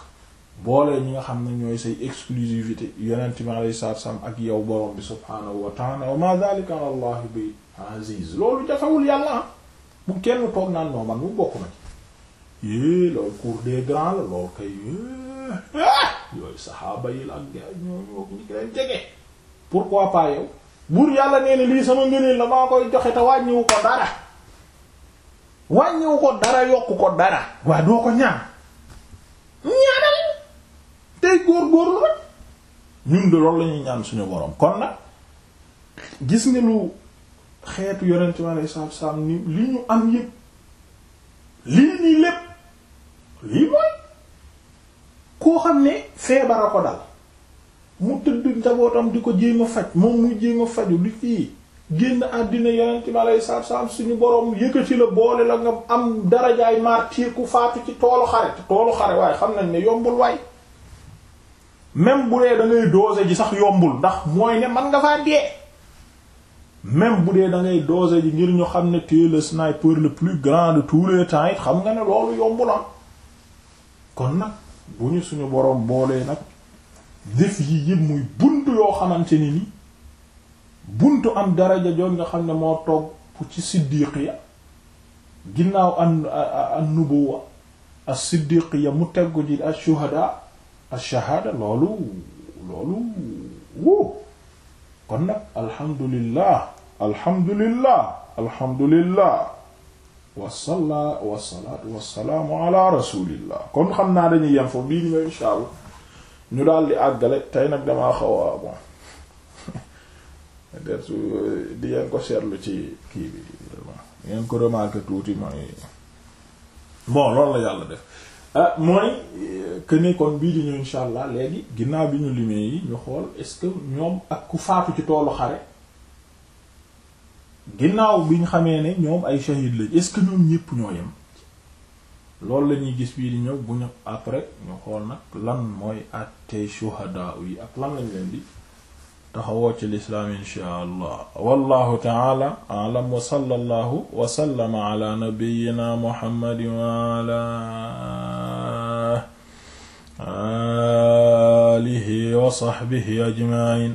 boole ñi nga xam ne ñooy say exclusivité yonent bi saat salaatu wasalaam ak yow borom bi subhaanahu wa wa ma dhalika ala bi aziz loolu jafewul yàlla bu kenn toog naan noo man bokk na ci yée loolu cours des grands la loolu kay ah, yooyu yi la ak gars ñoo ñoo ñu ngi leen jege pourquoi pas yow buur yàlla nee na lii sama ngëneel la maa koy joxe te wàññiwu ko dara wàññiwu ko dara yokku ko dara waaye doo ko ñaan ñaanal tey góor-góorlu rek ñun de loolu la ñaan suñu borom kon nag gis nga lu xeetu yonent mi alei saatu salaam ni li ñu am yëpp lii nii lépp lii mooy koo xam ne feebar ko dal mu tëdd njabootam di ko jéem a faj moom mu jéem a faju di fii génn àddina yeneen ci ma lay saab saab suñu borom yëkkati la boole la nga am darajaay martyr ku faatu ci toolu xare toolu xare waaye xam nañ ne yombul waay même bu dee da ngay doose ji sax yombul ndax mooy ne man nga faa dee même bu dee da ngay doose ji ngir ñu xam ne tu es le sniper le plus grand de tous temps it xam nga ne loolu yombul am ah. kon nag bu ñu suñu borom boolee nag def yi yëpp muy bunt yoo xamante ni ni buntu am daraja joon nga xam ne moo toog ci siddiqiya ginnaaw an nubuwa as-siddiqiya mu teggu ji ash-shuhada ash-shahada loolu loolu woo kon nag alhamdulillah alhamdulillah alhamdulillah wasala wasalaatu wasalaamu ala rasulillah kon xam naa dañuy yem foofu bii ni nga insha ñu daal di àggale tey nag damaa xaw bon peut-être di ngeen ko seetlu ci kii bi ngeen ko remarqué tuuti mooy bon loolu la yàlla def ah, mooy que kon bii di ñu insha allah ginnaaw bi ñu limee yi ñu xool est-ce que ñoom ak ku faatu ci toolu xare ginnaaw bi ñu xamee ne ñoom ay shahid lañ est ñoom ñépp ñoo yem loolu la ñuy gis bii di ñëw bu ñu après ñu xool nag lan mooy àttee shuhadaa yi ak lan lañ leen di taxawoo ci lislaam inshaa allah wallahu taala alam wa sallallahu wa sallama ala wa ala wa sahbihi ajma'in